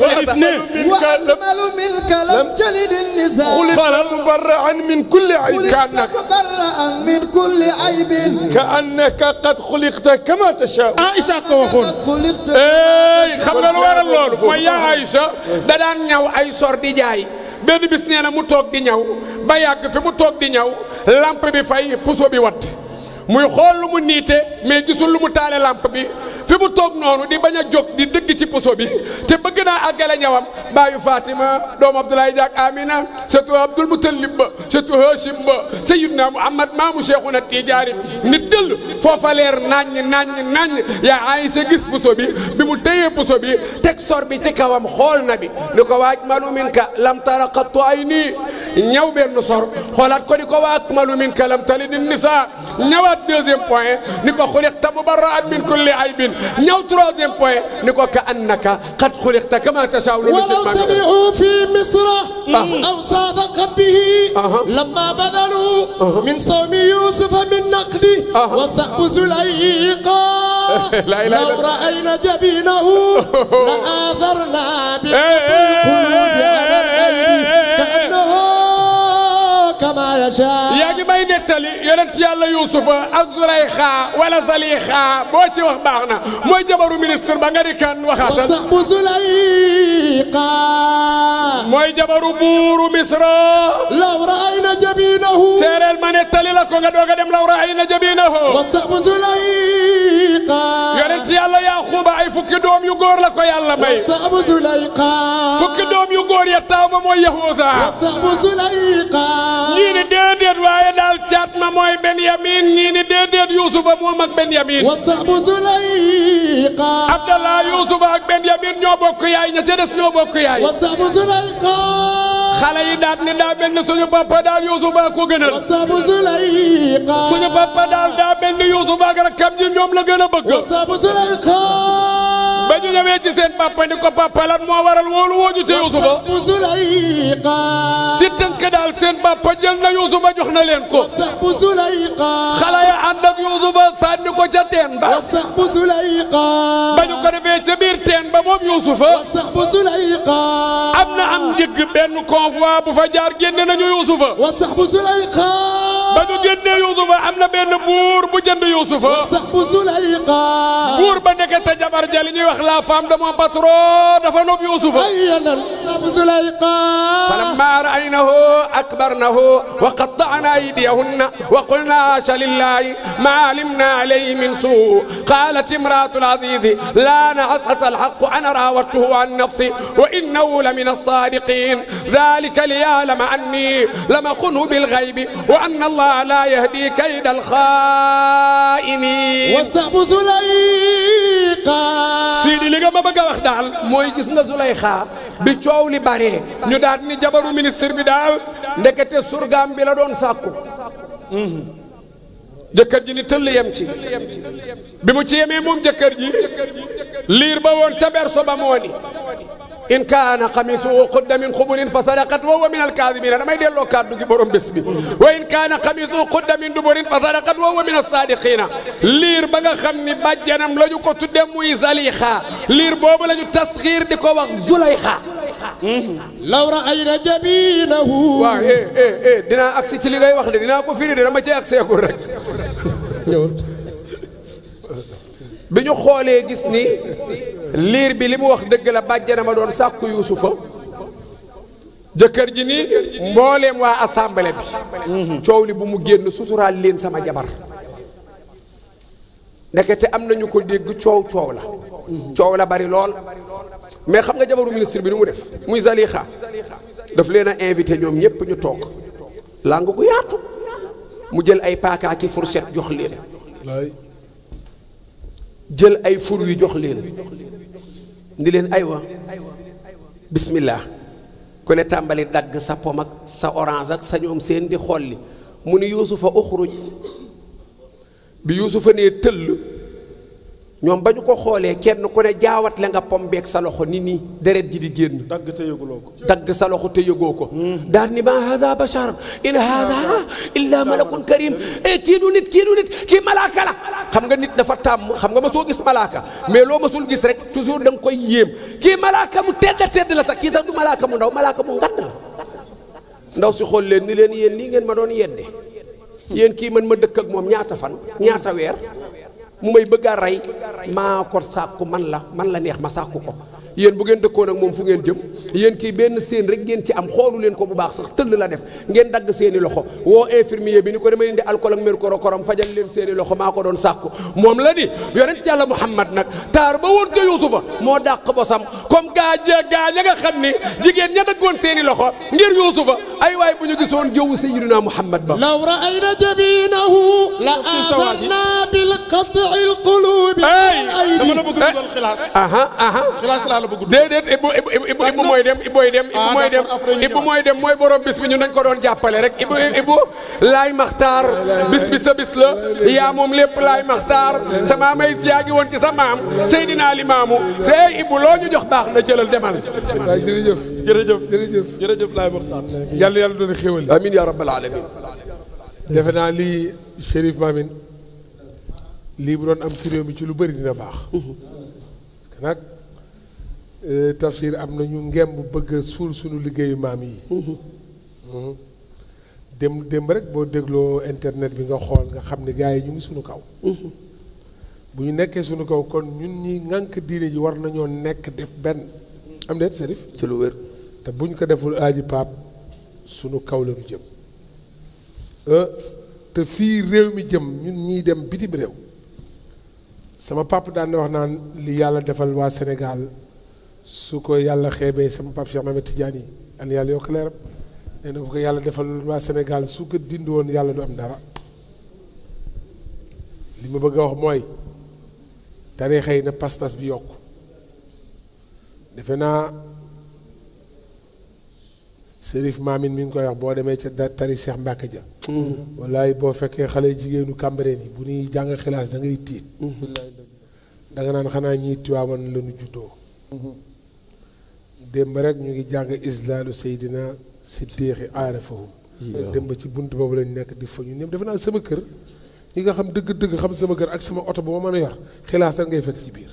شرفنا وأجمل منك لم تلد النساء خلق مبرعا من كل عيب كأنك مبرعا من كل عيب كأنك قد خلقت كما تشاء عائشة كوخون اي خمنا الوار اللون ما يا عائشة دادان نيو اي سور دي جاي benn bis nee na mu toog di ñaw ba yàgg fi mu toog di ñaw lampe bi fay puso bi wat muy xool lu mu niite mais gisul lu mu taale lampe bi fi mu toog noonu di bañ a jóg di dëgg ci poso bi te bëgg naa àggale ñawam baayu Fatima doomu Abdoulaye Diak Amina surtout Abdoul Moutalib ba surtout Hachim ba Seyyidna Muhammad maamu Cheikhuna Tijaani ni dëll foofa leer naññ naññ naññ yaa Aïssa gis poso bi bi mu téyee poso bi teg sor bi ci kawam xool na bi ni ko waaj manu min ka lam tara qattu ay nii ñaw benn sor xoolaat ko ni ko waaj manu min ka lam talid nisa ñawaat deuxième point ni ko xuliqta mubarraan min kulli aybin ñëw troisième point ni ko ka annaka qad xuliqta kama tashaa'u walaw sami'u fi misra ah. awsaafa qabbihi lamma badalu min sawmi yusufa min naqdi wa sahbu zulayqa *laughs* law ra'ayna jabinahu *laughs* la aatharna bi eh, eh, qulubi eh, ala al-aydi ka annahu يشاء yaa ngi may nettali yonent yàlla Yuusufa ak Zulaykha wala Zalikha boo ci wax baax na mooy jabaru ministre ba nga di kan waxaatal bu Zulayqa mooy jabaru buuru Misra law raayna jabinahu séeréel ma nettali la ko nga doog a dem law raayna jabinahu wasabu Zulayqa yonent yàlla Yaaquuba ay fukki doom yu góor la ko yàlla may wasabu Zulayqa fukki doom yu góor ya taaw ba mooy Yahuuza wasabu Zulayqa déedéet waaye daal caat ma mooy Benyamin ñii ni déedéet Yuusufa Abdallah Yuusufa Benyamin ñoo bokk yaay ña ca ñoo bokk yaay wa sahbu Zulayqa xale yi daat ni daa mel suñu papa daal Yuusufa ko gënal wa sahbu Zulayqa suñu papa daal daa mel ni rakkam ji ñoom la gën a bëgg wa sahbu Zulayqa ba ñu ñëwee ci seen papa ni ko papa lan moo waral wóolu wooju ci Yuusufa ci tënk daal seen papa jël na yuusufa jox na leen ko xale ya ànd ak ko ca teen ba ba ñu ko defee ca biir teen ba moom yuusufa am na am njëgg benn convoi bu fa ba ñu génnee yuusufa am na benn buur bu jënd yuusufa buur ba nekk ta ja li ñuy wax la femme de mon patron dafa nopp yuusufa falammaa ra'aynahu akbarnahu وقطعنا أيديهن وقلنا حاش لله ما علمنا عليه من سوء قالت امرأة العزيز لا نحسحس الحق أنا راودته عن نفسي وإنه لمن الصادقين ذلك ليعلم أني لمخنه بالغيب وأن الله لا يهدي كيد الخائنين وصعب زليقا سيدي لغا ما بغا واخ دال موي غيسنا زليخا بي تشاو لي باري ñu daal ni jabaru ministre bi daal ndekete surgaam jaam bi doon sàkku mhm. jëkkër ji ni tëll yem ci bi mu ci yemee moom jëkkër ji liir ba woon ca berso ba moo in kaana xamisuhu qudda min xubulin fa sadaqat wa huwa min alkaadibina damay delloo kàddu gi borom bés wa in kaana xamisuhu qudda min duburin fa sadaqat wa huwa min alsaadiqina liir ba nga ni bàjjanam la ko tudde muy zalixa liir boobu la ñu di ko wax zulayxa law raayna jabinahu waaw eh eh eh dinaa ci li ngay wax de dinaa ko firi de dama cee agseegul rek ñëwul bi ñu xoolee gis liir bi li mu wax dëgg la bàjjana ma doon sàkku yuusufa jëkkër ji nii mbooleem waa assemblée bi mhm. coow li bu mu génn suturaal leen sama jabar ndekete am nañu ko dégg coow coow la mhm. coow la bari lool mais xam nga jabaru ministre bi ni mu def muy Zalixa daf leen a invité ñoom ñépp ñu toog langu gu yaatu mu jël ay paakaa ki fourchette jox leen jël ay fur wi jox leen ni leen aywa bismillah ku ne tàmbali dagg sa pom ak sa orange ak sa ñoom seen di xolli mu ni yuusufa uxruj bi yuusufa nee tëll ñoom ba ñu ko xoolee kenn ku ne jaawat la nga pombeeg sa loxo ni nii deret ji di génn dagg te yëguloo ko dagg sa loxo te yëgoo ko hmm. daal ni ma hada bashar in hada hmm. illa kon karim e eh, kii du nit kii du nit kii malaaka la xam nga nit dafa tàmm xam nga ma soo gis malaaka mais loo ma masul gis rek toujours da koy yéem kii malaaka mu tedd tedd la sax kii sax du malaaka mu ndaw malaaka mu ngand la ndaw si xool leen ni leen yéen lii ngeen ma doon yedde yéen kii man ma dëkk ak moom ñaata fan ñaata weer mu may bëgg a rey ma ko sàkku man la man la neex ma sàkku ko yéen bu ngeen dëkkoon ak moom fu ngeen jëm yéen kii benn seen rek ngeen ci am xoolu leen ko bu baax sax tëll la def ngeen dagg seeni loxo woo infirmier bi ni ko demee indi alcool ak mer korokorom fajal leen seeni loxo maa ko doon sàkku moom la ni yonent yàlla Muhammad nag taar ba woon ca Yuusufa moo dàq bosam comme gaa ja gaa ña nga xam ni jigéen ña daggoon seeni loxo ngir Yuusufa ay waay bu ñu gisoon jëwu sayyidina Muhammad ba law ra'ayna jabinahu la aatharna bil qat'i al qulubi ay dama la bëgg dugal xilaas aha aha xilaas laa bëgg déedéet ibu ibu ibu mooy dem ibu mooy dem ah, ibu mooy dem mooy borom bis bi ñun dañ ko doon jàppale rek ibu ibu laay maxtaar bis bi sa bis la yaa moom lépp laay maxtaar sa maam ay yaa ngi woon ci sa maam Seydina Limaamu sey eh, ibu loo ñu jox baax na jëlal demal jërëjëf jërëjëf jërëjëf jërëjëf laay maxtaar yàlla yàlla doon xéwal amiin yaa rabbal alamin defe naa lii Chérif Mamine lii bu doon am ci réew mi ci lu bëri dina baax mhm. nag Euh, tafsir am na ñu bu bëgg suul suñu liggéeyu maam yi démb mm-hmm. mm-hmm. démb rek boo dégloo internet bi nga xool nga xam ne gars ñu ngi suñu kaw mm-hmm. bu ñu nekkee suñu kaw kon ñun ni ngànk diine ji war nañoo nekk def benn am deet Serif ci lu wér te bu ñu ko deful aji pap suñu kaw la jëm euh, te fii réew mi jëm ñun ñuy dem bitim réew sama papa daan wax naan li yàlla defal waa senegaal su ko yàlla xeebee sama Pape ma Mamadou Tidiane yi an yàlla yokk leeram nee na bu ko yàlla defal waa senegal su ko dindi woon yàlla du am dara li ma bëgg a wax mooy tariixa yi na pas-pas bi yokk defe naa Serif Maamin mi ngi koy wax boo demee ca tari Cheikh Mbacke ja mm-hmm. wallaay boo fekkee xale jigéenu Cambérène yi bu ñuy jàng xilaas da ngay tiit mm-hmm. da naan xanaa ñiy Tiwaawan la juddoo mm-hmm. démb rek ñu ngi jàng islaalu seydina siddiqi aarifahum démb ci bunt boobu lañ nekk di fa ñu ñëpp def naa sama kër ñi nga xam dëgg-dëgg xam sama kër ak sama oto bu ma mën a yor xilaas da ngay fekk ci biir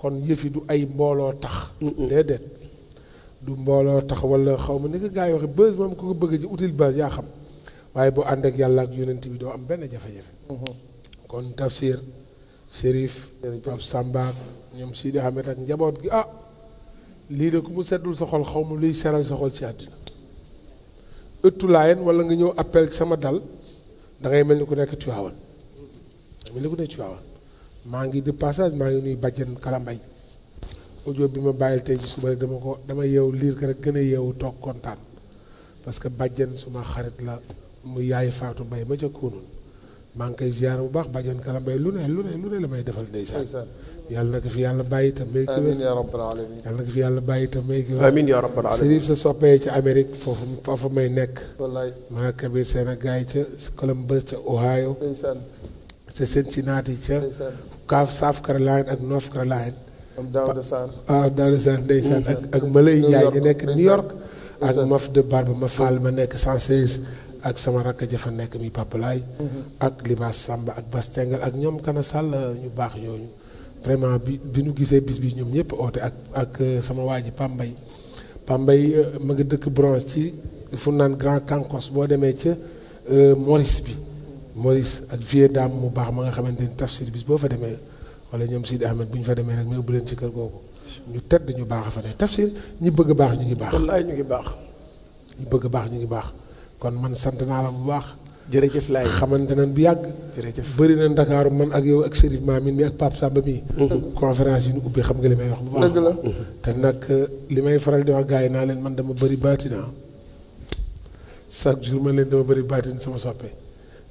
kon yëf yi du ay mbooloo tax déedéet du mbooloo tax wala xaw ma ni ko gaa yi waxe moom ku ko bëgg ji utile base yaa xam waaye bu ànd ak yàlla ak yonent bi doo am benn jafe-jafe mm-hmm. kon tafsir shérif Pape ñoom Sidi Ahmed ak njaboot gi ah, lii de ku mu seddul sa xaw ma luy seral sa xol ci àddina ëttu laayen wala nga ñëw appel sama dal dangay mel ni ku nekk Tiwaawan mel ni ku nekk Tiwaawan maa ngi de passage maa ngi nuy bàjjen kalambay audio bi ma bàyyil tey ci suba rek dama ko dama yeewu liir ko rek gën a yeewu toog kontaan parce que bàjjen suma xarit la mu yaay faatu mbay ma ca kóonoon maa ngi koy bu baax bàjjan kala mbay lu ne lu ne lu ne la may defal ndeysaan yàlla na ko fi yàlla bàyyi tam may ki wér yàlla fi yàlla bàyyi tam may ki wér amiin yaa rabbal alamin Serif sa soppee ci Amérique foofu foofu may nekk maa Kabir seen ak gaay ca Columbus ca Ohio ca Cincinnati ca kaaf South Carolina ak North Carolina Daouda Sarr waaw ah, Daouda Sarr ndeysaan ak ak Malay Njaay ñu nekk New York ak Maf de Barbe ma Fall ma nekk ak sama rakk jafa nekk mi papalaay ak libaas sàmba ak bastengal ak ñoom kana sàll ñu baax ñooñu vraiment bi bi ñu gisee bis bi ñoom ñëpp oote ak ak euh, sama waa ji pambay pambay euh, ma nga dëkk bronze ci fu naan grand cancos boo demee ca euh, Maurice bi Maurice ak vieux dame mu baax ma nga xamante ni tafsir bis boo fa demee wala ñoom Sidi Ahmed bu ñu fa demee rek mu yóbbu leen ci kër googu ñu tedd ñu baax a fa ne tafsir ñi bëgg baax ñu ngi baax baax ñu bëgg baax ñu ngi baax kon man sant naa la bu baax. jërëjëf laay xamante nañ bu yàgg. jërëjëf bëri na Ndakaaru man ak yow ak Chérif Mamine mi ak Pape Samba mii. conférence yi ñu ubbi xam nga li may wax bu baax. dëgg te nag euh, li may faral di wax gars yi naa leen man dama bëri baatina ah. chaque jour man leen dama bëri baatin sama soppe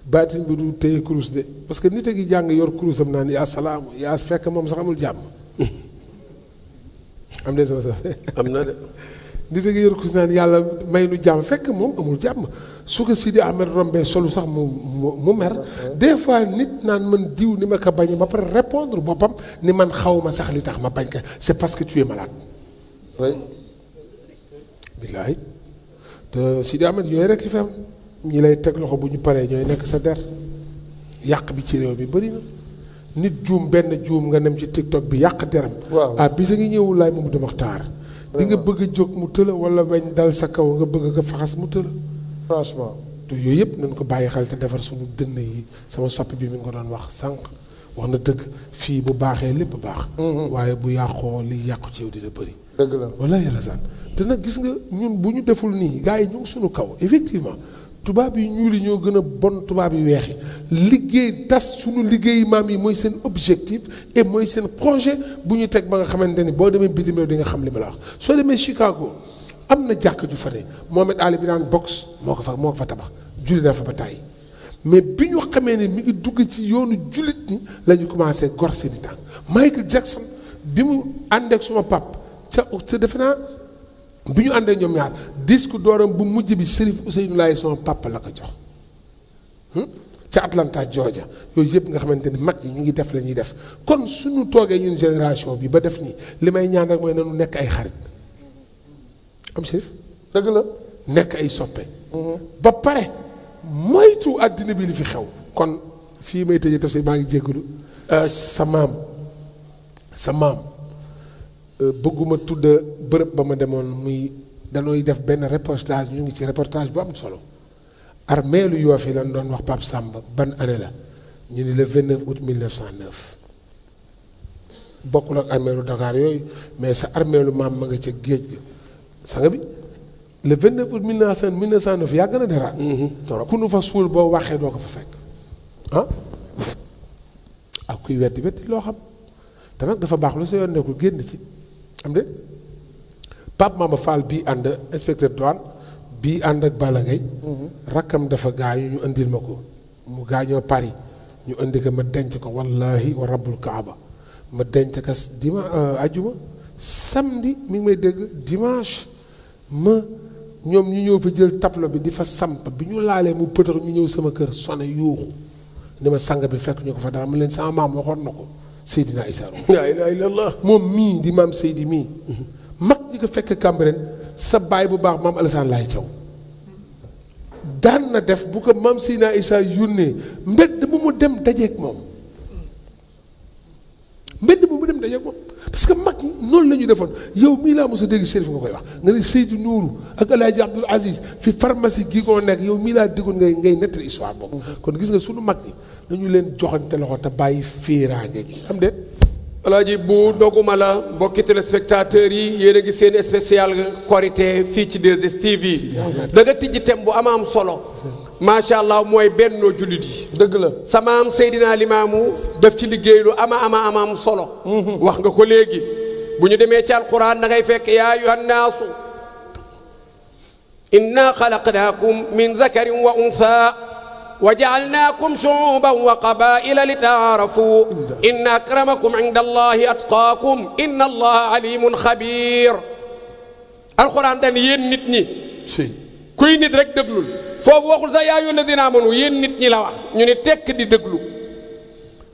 baatin bi du téye kurus de parce que nit a ngi jàng yor kurusam naan yaa salaamu yaa fekk moom sax amul jàmm. *laughs* am de sama na de. *laughs* nit a ngi yor ko naan yàlla may nu jàmm fekk moom amul jàmm su ko Sidi Ahmed rombee solu sax mu mu mer des fois nit naan man diw ni ma ko bañ ba pare répondre boppam ni man xaw ma sax li tax ma bañ ko c'est parce que tu es malade. billaay te Sidi Ahmed yooyu rek fi ñi lay teg loxo bu ñu paree ñooy nekk sa der yàq bi ci réew bi bëri na. nit juum benn juum nga nem ci tiktok bi yàq deram. waaw ah bi sa ngi ñëwul laay mu dama taar. di nga bëgg jóg mu tëla wala weñ dal sa kaw nga bëgg ko faxas mu tëla franchement te yooyu yëpp nañ ko bàyyi xel te defar suñu dënn yi sama sopp bi mi nga ko doon wax sànq wax na tëgg fii bu baaxee lépp baax mm-hmm. waaye bu yàqoo li yàqu ci yow dina bëri dëgg la wala yàlla saan te nag gis nga ñun bu ñu deful nii gars yi ñu suñu kaw effectivement tubaab yi ñuul yi ñoo gën a bon tubaab yi weex liggéey tas suñu liggéey maam yi mooy seen objectif et mooy seen projet bu ñu teg ba nga xamante ni boo demee bitim réew di nga xam li ma la wax soo demee Chicago am na jàkk ju fa ne Mohamed Ali bi daan box moo ko fa moo ko fa tabax julli na fa ba tàyyi mais bi ñu xamee ne mi ngi dugg ci yoonu jullit ñi la ñu commencé gor seeni tànk Michael Jackson bi mu ànd suma pap ca ca defe naa bi ñu àndee ñoom ñaar disque dooram bu mujj bi Chérif Ousseynou Laye son papa la ko jox hmm? ca Atlanta Georgia yooyu yëpp nga xamante ni mag yi ñu ngi def la ñuy def kon suñu toogee ñun génération bi ba def nii li may ñaan rek mooy nanu nekk ay xarit am Chérif dëgg la nekk ay soppe mm-hmm. ba pare moytu àddina bi li fi xew kon fii may tëjee taf si maa ngi jégalu euh, sa maam sa maam Euh, bëgguma tudd bërëb ba ma demoon muy danooy def benn reportage ñu ngi ci reportage boo am solo armeelu Yoff yi lan doon wax Pape sàmba ban année la ñu ni le 29 août 1909 bokkul ak armeelu Dakar yooyu mais sa armeelu maam ma nga ca géej ga sanga bi le 29 août 1909 yàgg na dara. Mm-hmm. trop ku nu fa suul boo waxee doo ko fa fekk ah. ak kuy weddi weddi loo xam te nag dafa baax lu sa yoon nekkul génn ci. am de Pape Mama Fall bii ànd inspecteur douane bii ànd ak Balla Gaye mm-hmm. rakkam dafa gaañu ñu indil ma ko mu gaañoo Paris ñu indi ko ma denc ko wallahi wa rabbul kaaba ma denc ko dima euh, mi ngi may dégg dimanche ma ñoom ñu ñëw fa jël tableau bi di fa samp bi ñu laalee mu pëtëx ñu ñëw sama kër sone yuuxu ni ma bi fekk ñu ko fa dara ma leen sama maam waxoon na ko Seydina Issa Rouhou laa ilaaha illallaah moom mii di maam Seydi mii mag ñi ko fekk Cambérène sa baay bu baax maam Alassane Laay Thiaw daan na def bu ko maam Seydina Issa yónnee mbedd bu mu dem dajeeg moom mbedd bu mu dem dajeeg moom parce que mag noonu la ñu defoon yow mii laa mos a dégg Chérif nga koy wax nga ne Seydou Nourou ak El Hadj Abdoul Aziz fi pharmacie gi koo nekk yow mii laa déggoon ngay ngay nettali histoire boobu. Mm-hmm. kon gis nga sunu mag ñi ñu leen joxante loxo te bàyyi féeraange gi xam de alaaji bu doguma la mbokki téléspectateurs yi yéen a ngi seen spécial korité fii ci 2STV da nga tijji thème bu ama am solo macha allah mooy bennoo jullit yi. dëgg la sama am Seydina Limaamu def ci liggéey lu ama ama ama solo. Mhm. wax nga ko léegi bu ñu demee ci alquran na ngay fekk yaa ayyuhan naasu inna xalaqnaakum min zakarin wa untha wa jaalnaakum shuuban wa qabaa'ila li taarafu inna akramakum inda atqaakum inna allaha alimun xabiir alquran dañ yéen nit kuy nit rek déglul foofu waxul sa yaa ayyuhal dinaa amanu yéen nit ñi la wax ñu ni tekk di déglu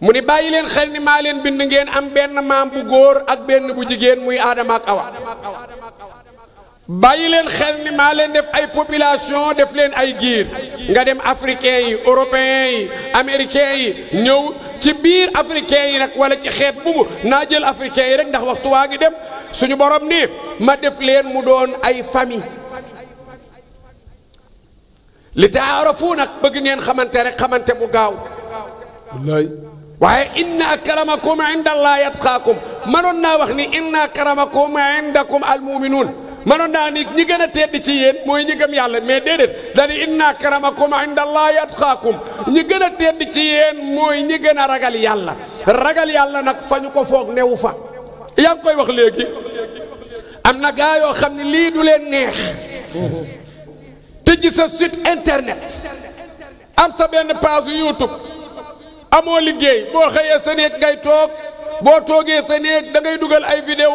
mu ni bàyyi leen xel ni maa leen bind ngeen am benn maam bu góor ak benn bu jigéen muy aadama ak awa bàyyi leen xel ni maa leen def ay population def leen ay giir nga dem africain yi européen yi américain yi ñëw ci biir africain yi nag wala ci xeet bu mu naa jël africain yi rek ndax waxtu waa ngi dem suñu borom ni ma def leen mu doon ay famille li taarafu nag bëgg ngeen xamante rek xamante bu gaaw. wallaay. waaye inna karamakum inda allah yatqaakum mënoon naa wax ni inna karamakum indakum almuminuun mënoon naa ni ñi gën a tedd ci yéen mooy ñi gëm yàlla mais déedéet dani inna karamakum inda allah ñi gën a tedd ci mooy ñi gën a ragal yàlla ragal yàlla nag fa ñu ko foog newu fa yaa koy wax léegi am na gaa xam ne lii du leen neex tijji sa site internet am sa benn page YouTube amoo liggéey boo xëyee sa néeg ngay toog boo toogee sa néeg da ngay dugal ay vidéo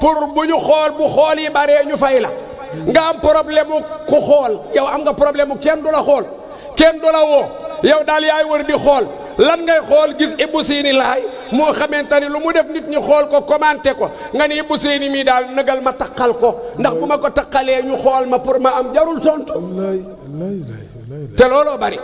pour bu ñu xool bu xool yi ñu fay la nga am problème ku xool yow am nga problème kenn du la xool kenn du la woo yow daal yaay wër di xool lan ngay xool gis Ibou Sini laay moo xamante ni lu mu def nit ñu xool ko commenté ko nga ni Ibou Sini mii daal nëgal ma takkal ko ndax bu ma ko takkalee ñu xool ma pour ma am jarul tontu te looloo bari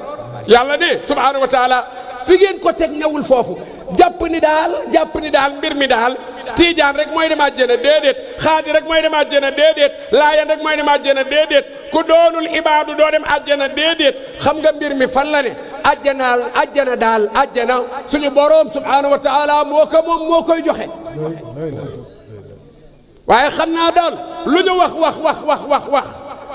yàlla de subhaanahu wa taala fi ngeen ko teg newul foofu jàpp ni daal jàpp ni daal mbir mi daal tiijaan rek mooy dem àjjana déedéet xaadi rek mooy dem àjjana déedéet laayan rek mooy dem àjjana déedéet ku doonul ibaadu doo dem àjjana déedéet xam nga mbir mi fan la ne àjjanaal àjjana daal àjjana suñu boroom subhaanahu wa moo ko moom moo koy joxe waaye xam naa daal lu ñu wax wax wax wax wax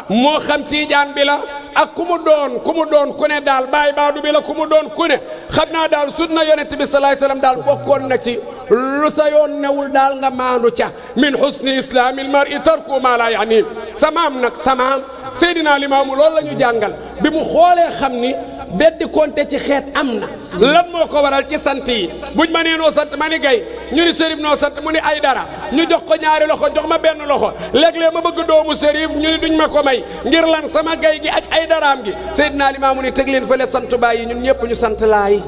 moo xam tiijaan bi la ak ku mu doon ku mu doon ku ne daal baay baadu bi la ku mu doon ku ne xam naa daal na yonent bi salaay salaam daal bokkoon na ci lu sa yoon newul daal nga maandu ca min xusni islaamil mar'i tarku maa laa nag samaam seydinaa limaamu loolu la jàngal bi mu xoolee xam ni beddi konte ci xeet am na lan moo ko waral ci sant yi buñ ma nee noo sant ma ni gay ñu ni noo sant mu ni ay dara ñu jox ko ñaari loxo jox ma benn loxo léeg-léeg ma bëgg doomu sërif ñu ni ma ko may ngir lan sama gay gi ak ay daraam gi Seydina Limaamu ni teg leen fële sant baay yi ñun ñëpp ñu sant laay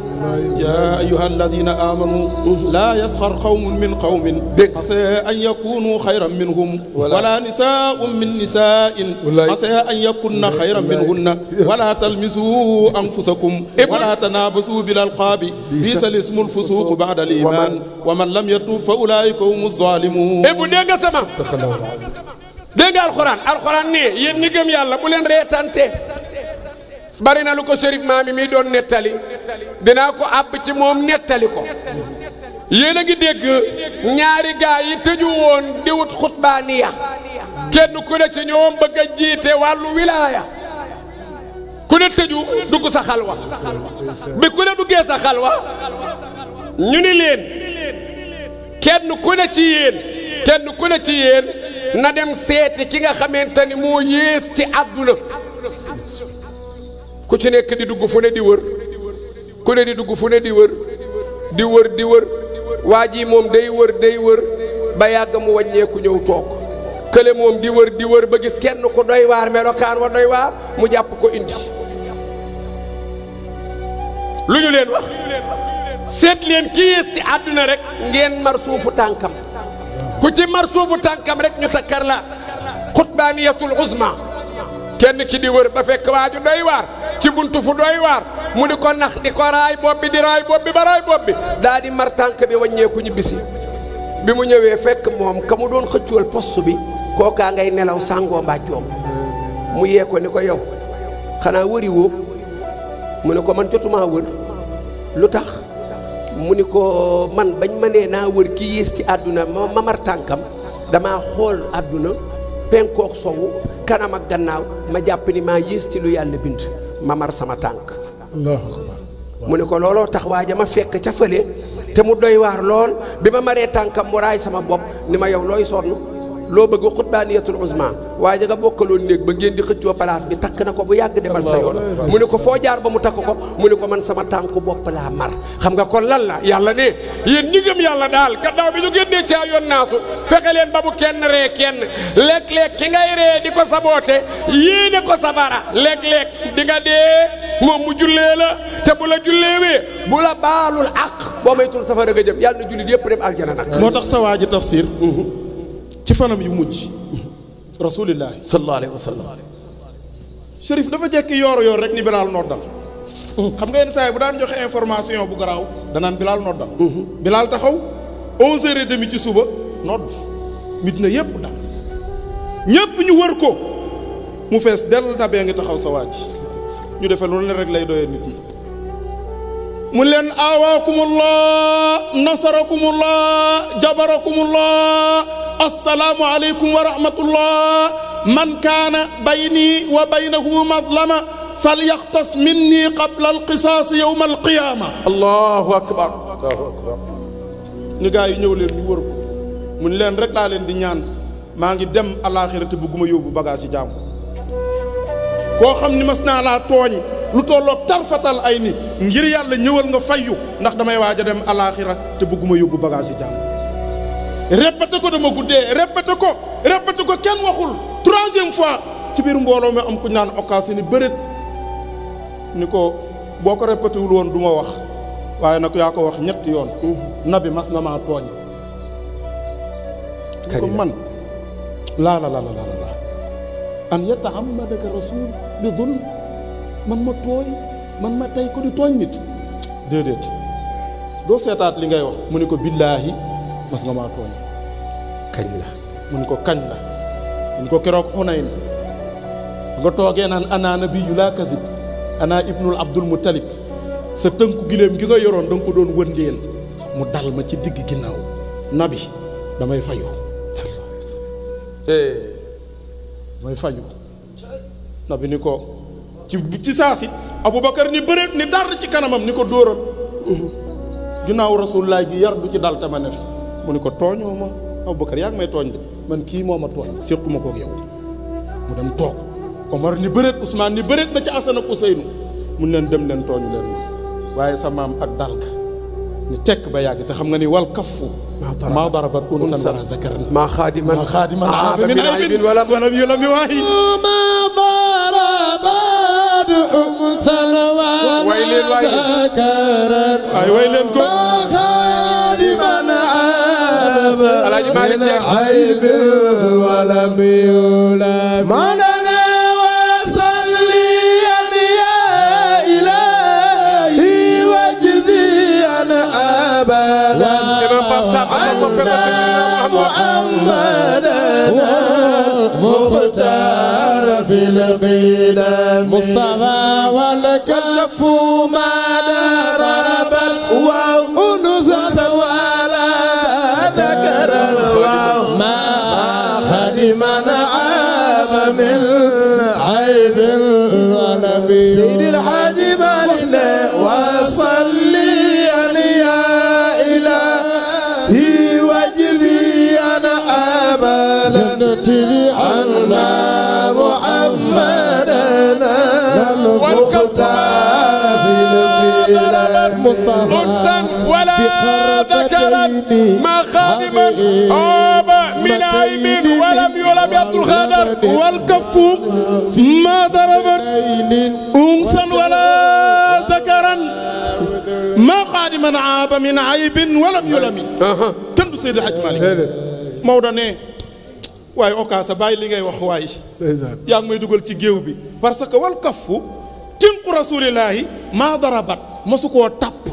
yaa ayyuha alladina amanu laa yasxar qawmun min qawmin asaa an yakunu xayran minhum wala nisaaun min nisaain asaa an yakunna xayran minhunna wala talmisu anfusakum wala tanaabasu إلى القاب بئس الاسم الفسوق بعد الإيمان ومن لم يتوب فأولئك هم الظالمون bu dégg sama dégg alxuraan alxuraan ne yéen ñi gëm yàlla bu leen reetante bari na lu ko Chérif Maami mi doon nettali dinaa ko àbb ci moom nettali ko yéen a ñaari gaa yi tëju di wut xutbaaniya kenn ku ne ci ñoom bëgg a jiite wilaaya ku ne tëju dugg sa wa bi ku ne duggee sa xalwa ñu ni leen kenn ku ne ci yéen kenn ku ne ci yéen na dem seeti ki nga xamante ni moo yées ci àdduna ku ci nekk di dugg fu ne di wër ku ne di dugg fu ne di wër di wër di waa ji moom day wër day wër ba yàgg mu wàññeeku ñëw toog kële moom di wër di wër ba gis kenn ku doy waar me melokaan wa doy waar mu jàpp ko indi lu ñu leen wax seet leen ki yées ci àdduna rek ngeen mar tànkam ku ci mar suufu tànkam rek ñu takkar la xutbaaniyatul uzma kenn ki di wër ba waaju doy waar ci buntu fu doy waar mu di ko nax di ko raay di raay bopp bi ba daa di mar tànk bi wàññeeku ñu bi mu ñëwee fekk moom kamu doon xëccuwal post bi kookaa ngay nelaw sàngoo mbàjjoom mu yee ko ni ko yow xanaa wëri wo mu ne ko man jotumaa wër lu tax mu ni ko man bañ ma nee naa wër ki yées ci àdduna ma mamar tànkam dama xool àdduna penkook sowu kanam ak gannaaw ma jàpp ma maa yées ci lu yàlla bind mamar sama tànk mu ni ko looloo tax waaja ma fekk ca fële te mu doy lool bi ma maree tànkam mu sama bopp ni ma yow looy sonn loo bëgg xutbaaniyatul uzma waaye nga bokkaloon néeg ba ngeen di xëccoo place bi takk na ko bu yàgg demal sa yoon mu ne ko foo jaar ba mu takk ko mu ne ko man sama tànku bopp laa mar xam nga kon lan la yàlla ne yéen ñi gëm yàlla daal gannaaw bi ñu génnee ci yoon naasu leen ba bu kenn ree kenn lek léeg ki ngay ree di ko saboote yéene ko safara lek léeg di nga dee moom mu jullee la te bu la julleewee bu la baalul àq boo maytul safara nga jëm yàlla na jullit yëpp dem aljana nag moo tax sa waa ji tafsir mhm. ci fanam yu mujj rasulillah sallallahu alayhi wa dafa jekki yooru yoor rek ni bilaal noddal xam nga yenn saa bu daan joxe information bu garaaw danaan bilaal noddal bilaal taxaw onze heures et demi ci suba nodd mit na yépp dal ñépp ñu wër ko mu fees dell nabee ngi taxaw sa waaj ñu defee loolu rek lay doyee nit ñi mu leen aawaakumullah nasarakumullah jabarakumullah assalaamu aleykum wa rahmatullah man kaana bayni wa baynahu mazlama falyaxtas minni qabla alqisaas yowma alqiyaama allahu akbar ni gaa yi ñëw leen ñu leen rek leen di ñaan maa ngi dem alaaxira te bëgguma yóbbu bagage yi jàmm koo xam ni mas naa laa tooñ lu tolloog tarfatal ay ni ngir yàlla ñëwal nga fayyu ndax damay waaj a dem alaaxira te bëgguma yóbbu bagage yi jàmm ko dama guddee répété ko répété ko kenn waxul troisième fois ci biir mbooloo mi am ku naan occasion ni bërit ni ko boo ko répété wul woon du ma wax waaye nag yaa ko wax ñetti yoon mhm. nabi mas nga maa tooñ ko man laa la la la la an yatahammadaka rasul bi dul man ma tooy man ma tey ko di tooñ nit déedéet doo seetaat li ngay wax mu ne ko billaahi mas nga maa tooñ kañ la mu ne ko kañ la ko keroog xonay na nga toogee naan ana nabiyu laa kasib ana ibnul abdul muttalib sa tënk giléem gi nga yoroon da nga ko doon wëndeel mu dal ma ci digg ginnaaw nabi damay fayu eh, damay fayu nabi ni ko ci ci saa si Aboubacar ni bëreet ni dar ci kanamam ni ko dóoral ginnaaw rasulullaay gi yar bu ci dal tama ne fi mu ni ko tooñoo ma Aboubacar yaa ngi may tooñ de man kii moom ma tooñ séquma kook yow mu dem toog Omar ni bëreet Ousmane ni bëreet ba ci Asan ak Useynu mun leen dem leen tooñ leen ma waaye sa maam ak dal ga ni tekk ba yàgg te xam nga ni wal kaffu maa darabat unsan wala zakaran maa xaadiman xaadiman min aybin wala mi waayi maa darabat أم سلوى ذكرت ما خادما عاب من عيب ولم يولد مننا وصلي يا إلهي واجزي أنا أبدا عنا محمدا المختار في القدم مصطفى والكلف ما لا رب وأنثى ولا ذكر ما خدم عام من عيب انسا ولا ذكرا ما خادما عاب من عيب ولم يلم يبدو الخدر والكف ما ضربت انسا ولا ذكرا ما خادما عاب من عيب ولم يلم تندو سيد الحاج مالك موضوع waaye Okaasa bàyyi li ngay wax waaye yaa ngi may dugal ci géew bi parce que wal kafu tinqu rasuulillaahi maa darabat mosu koo tàpp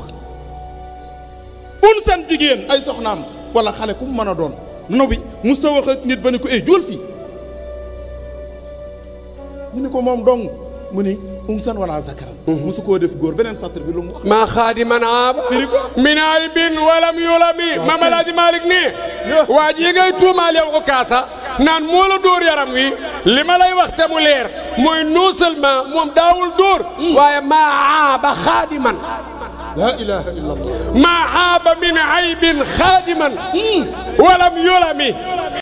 un san jigéen ay soxnaam wala xale ku mu mën a doon no bi mu sa nit ba ni ko éy eh, jóol fii ñu ni ko moom dong mu ni unsan um wala zakaran mhm. musu koo def góor beneen satr bi lu mu ma maa xaadiman aaba min aybin walam yulami Maam Alaaji Malick ne kaasa naan moo la dóor yaram wi li malay lay wax te mu leer mooy non seulement moom daawul dóor mm. ma maa aaba xaadiman la ilaha illa allah maa aaba min aybin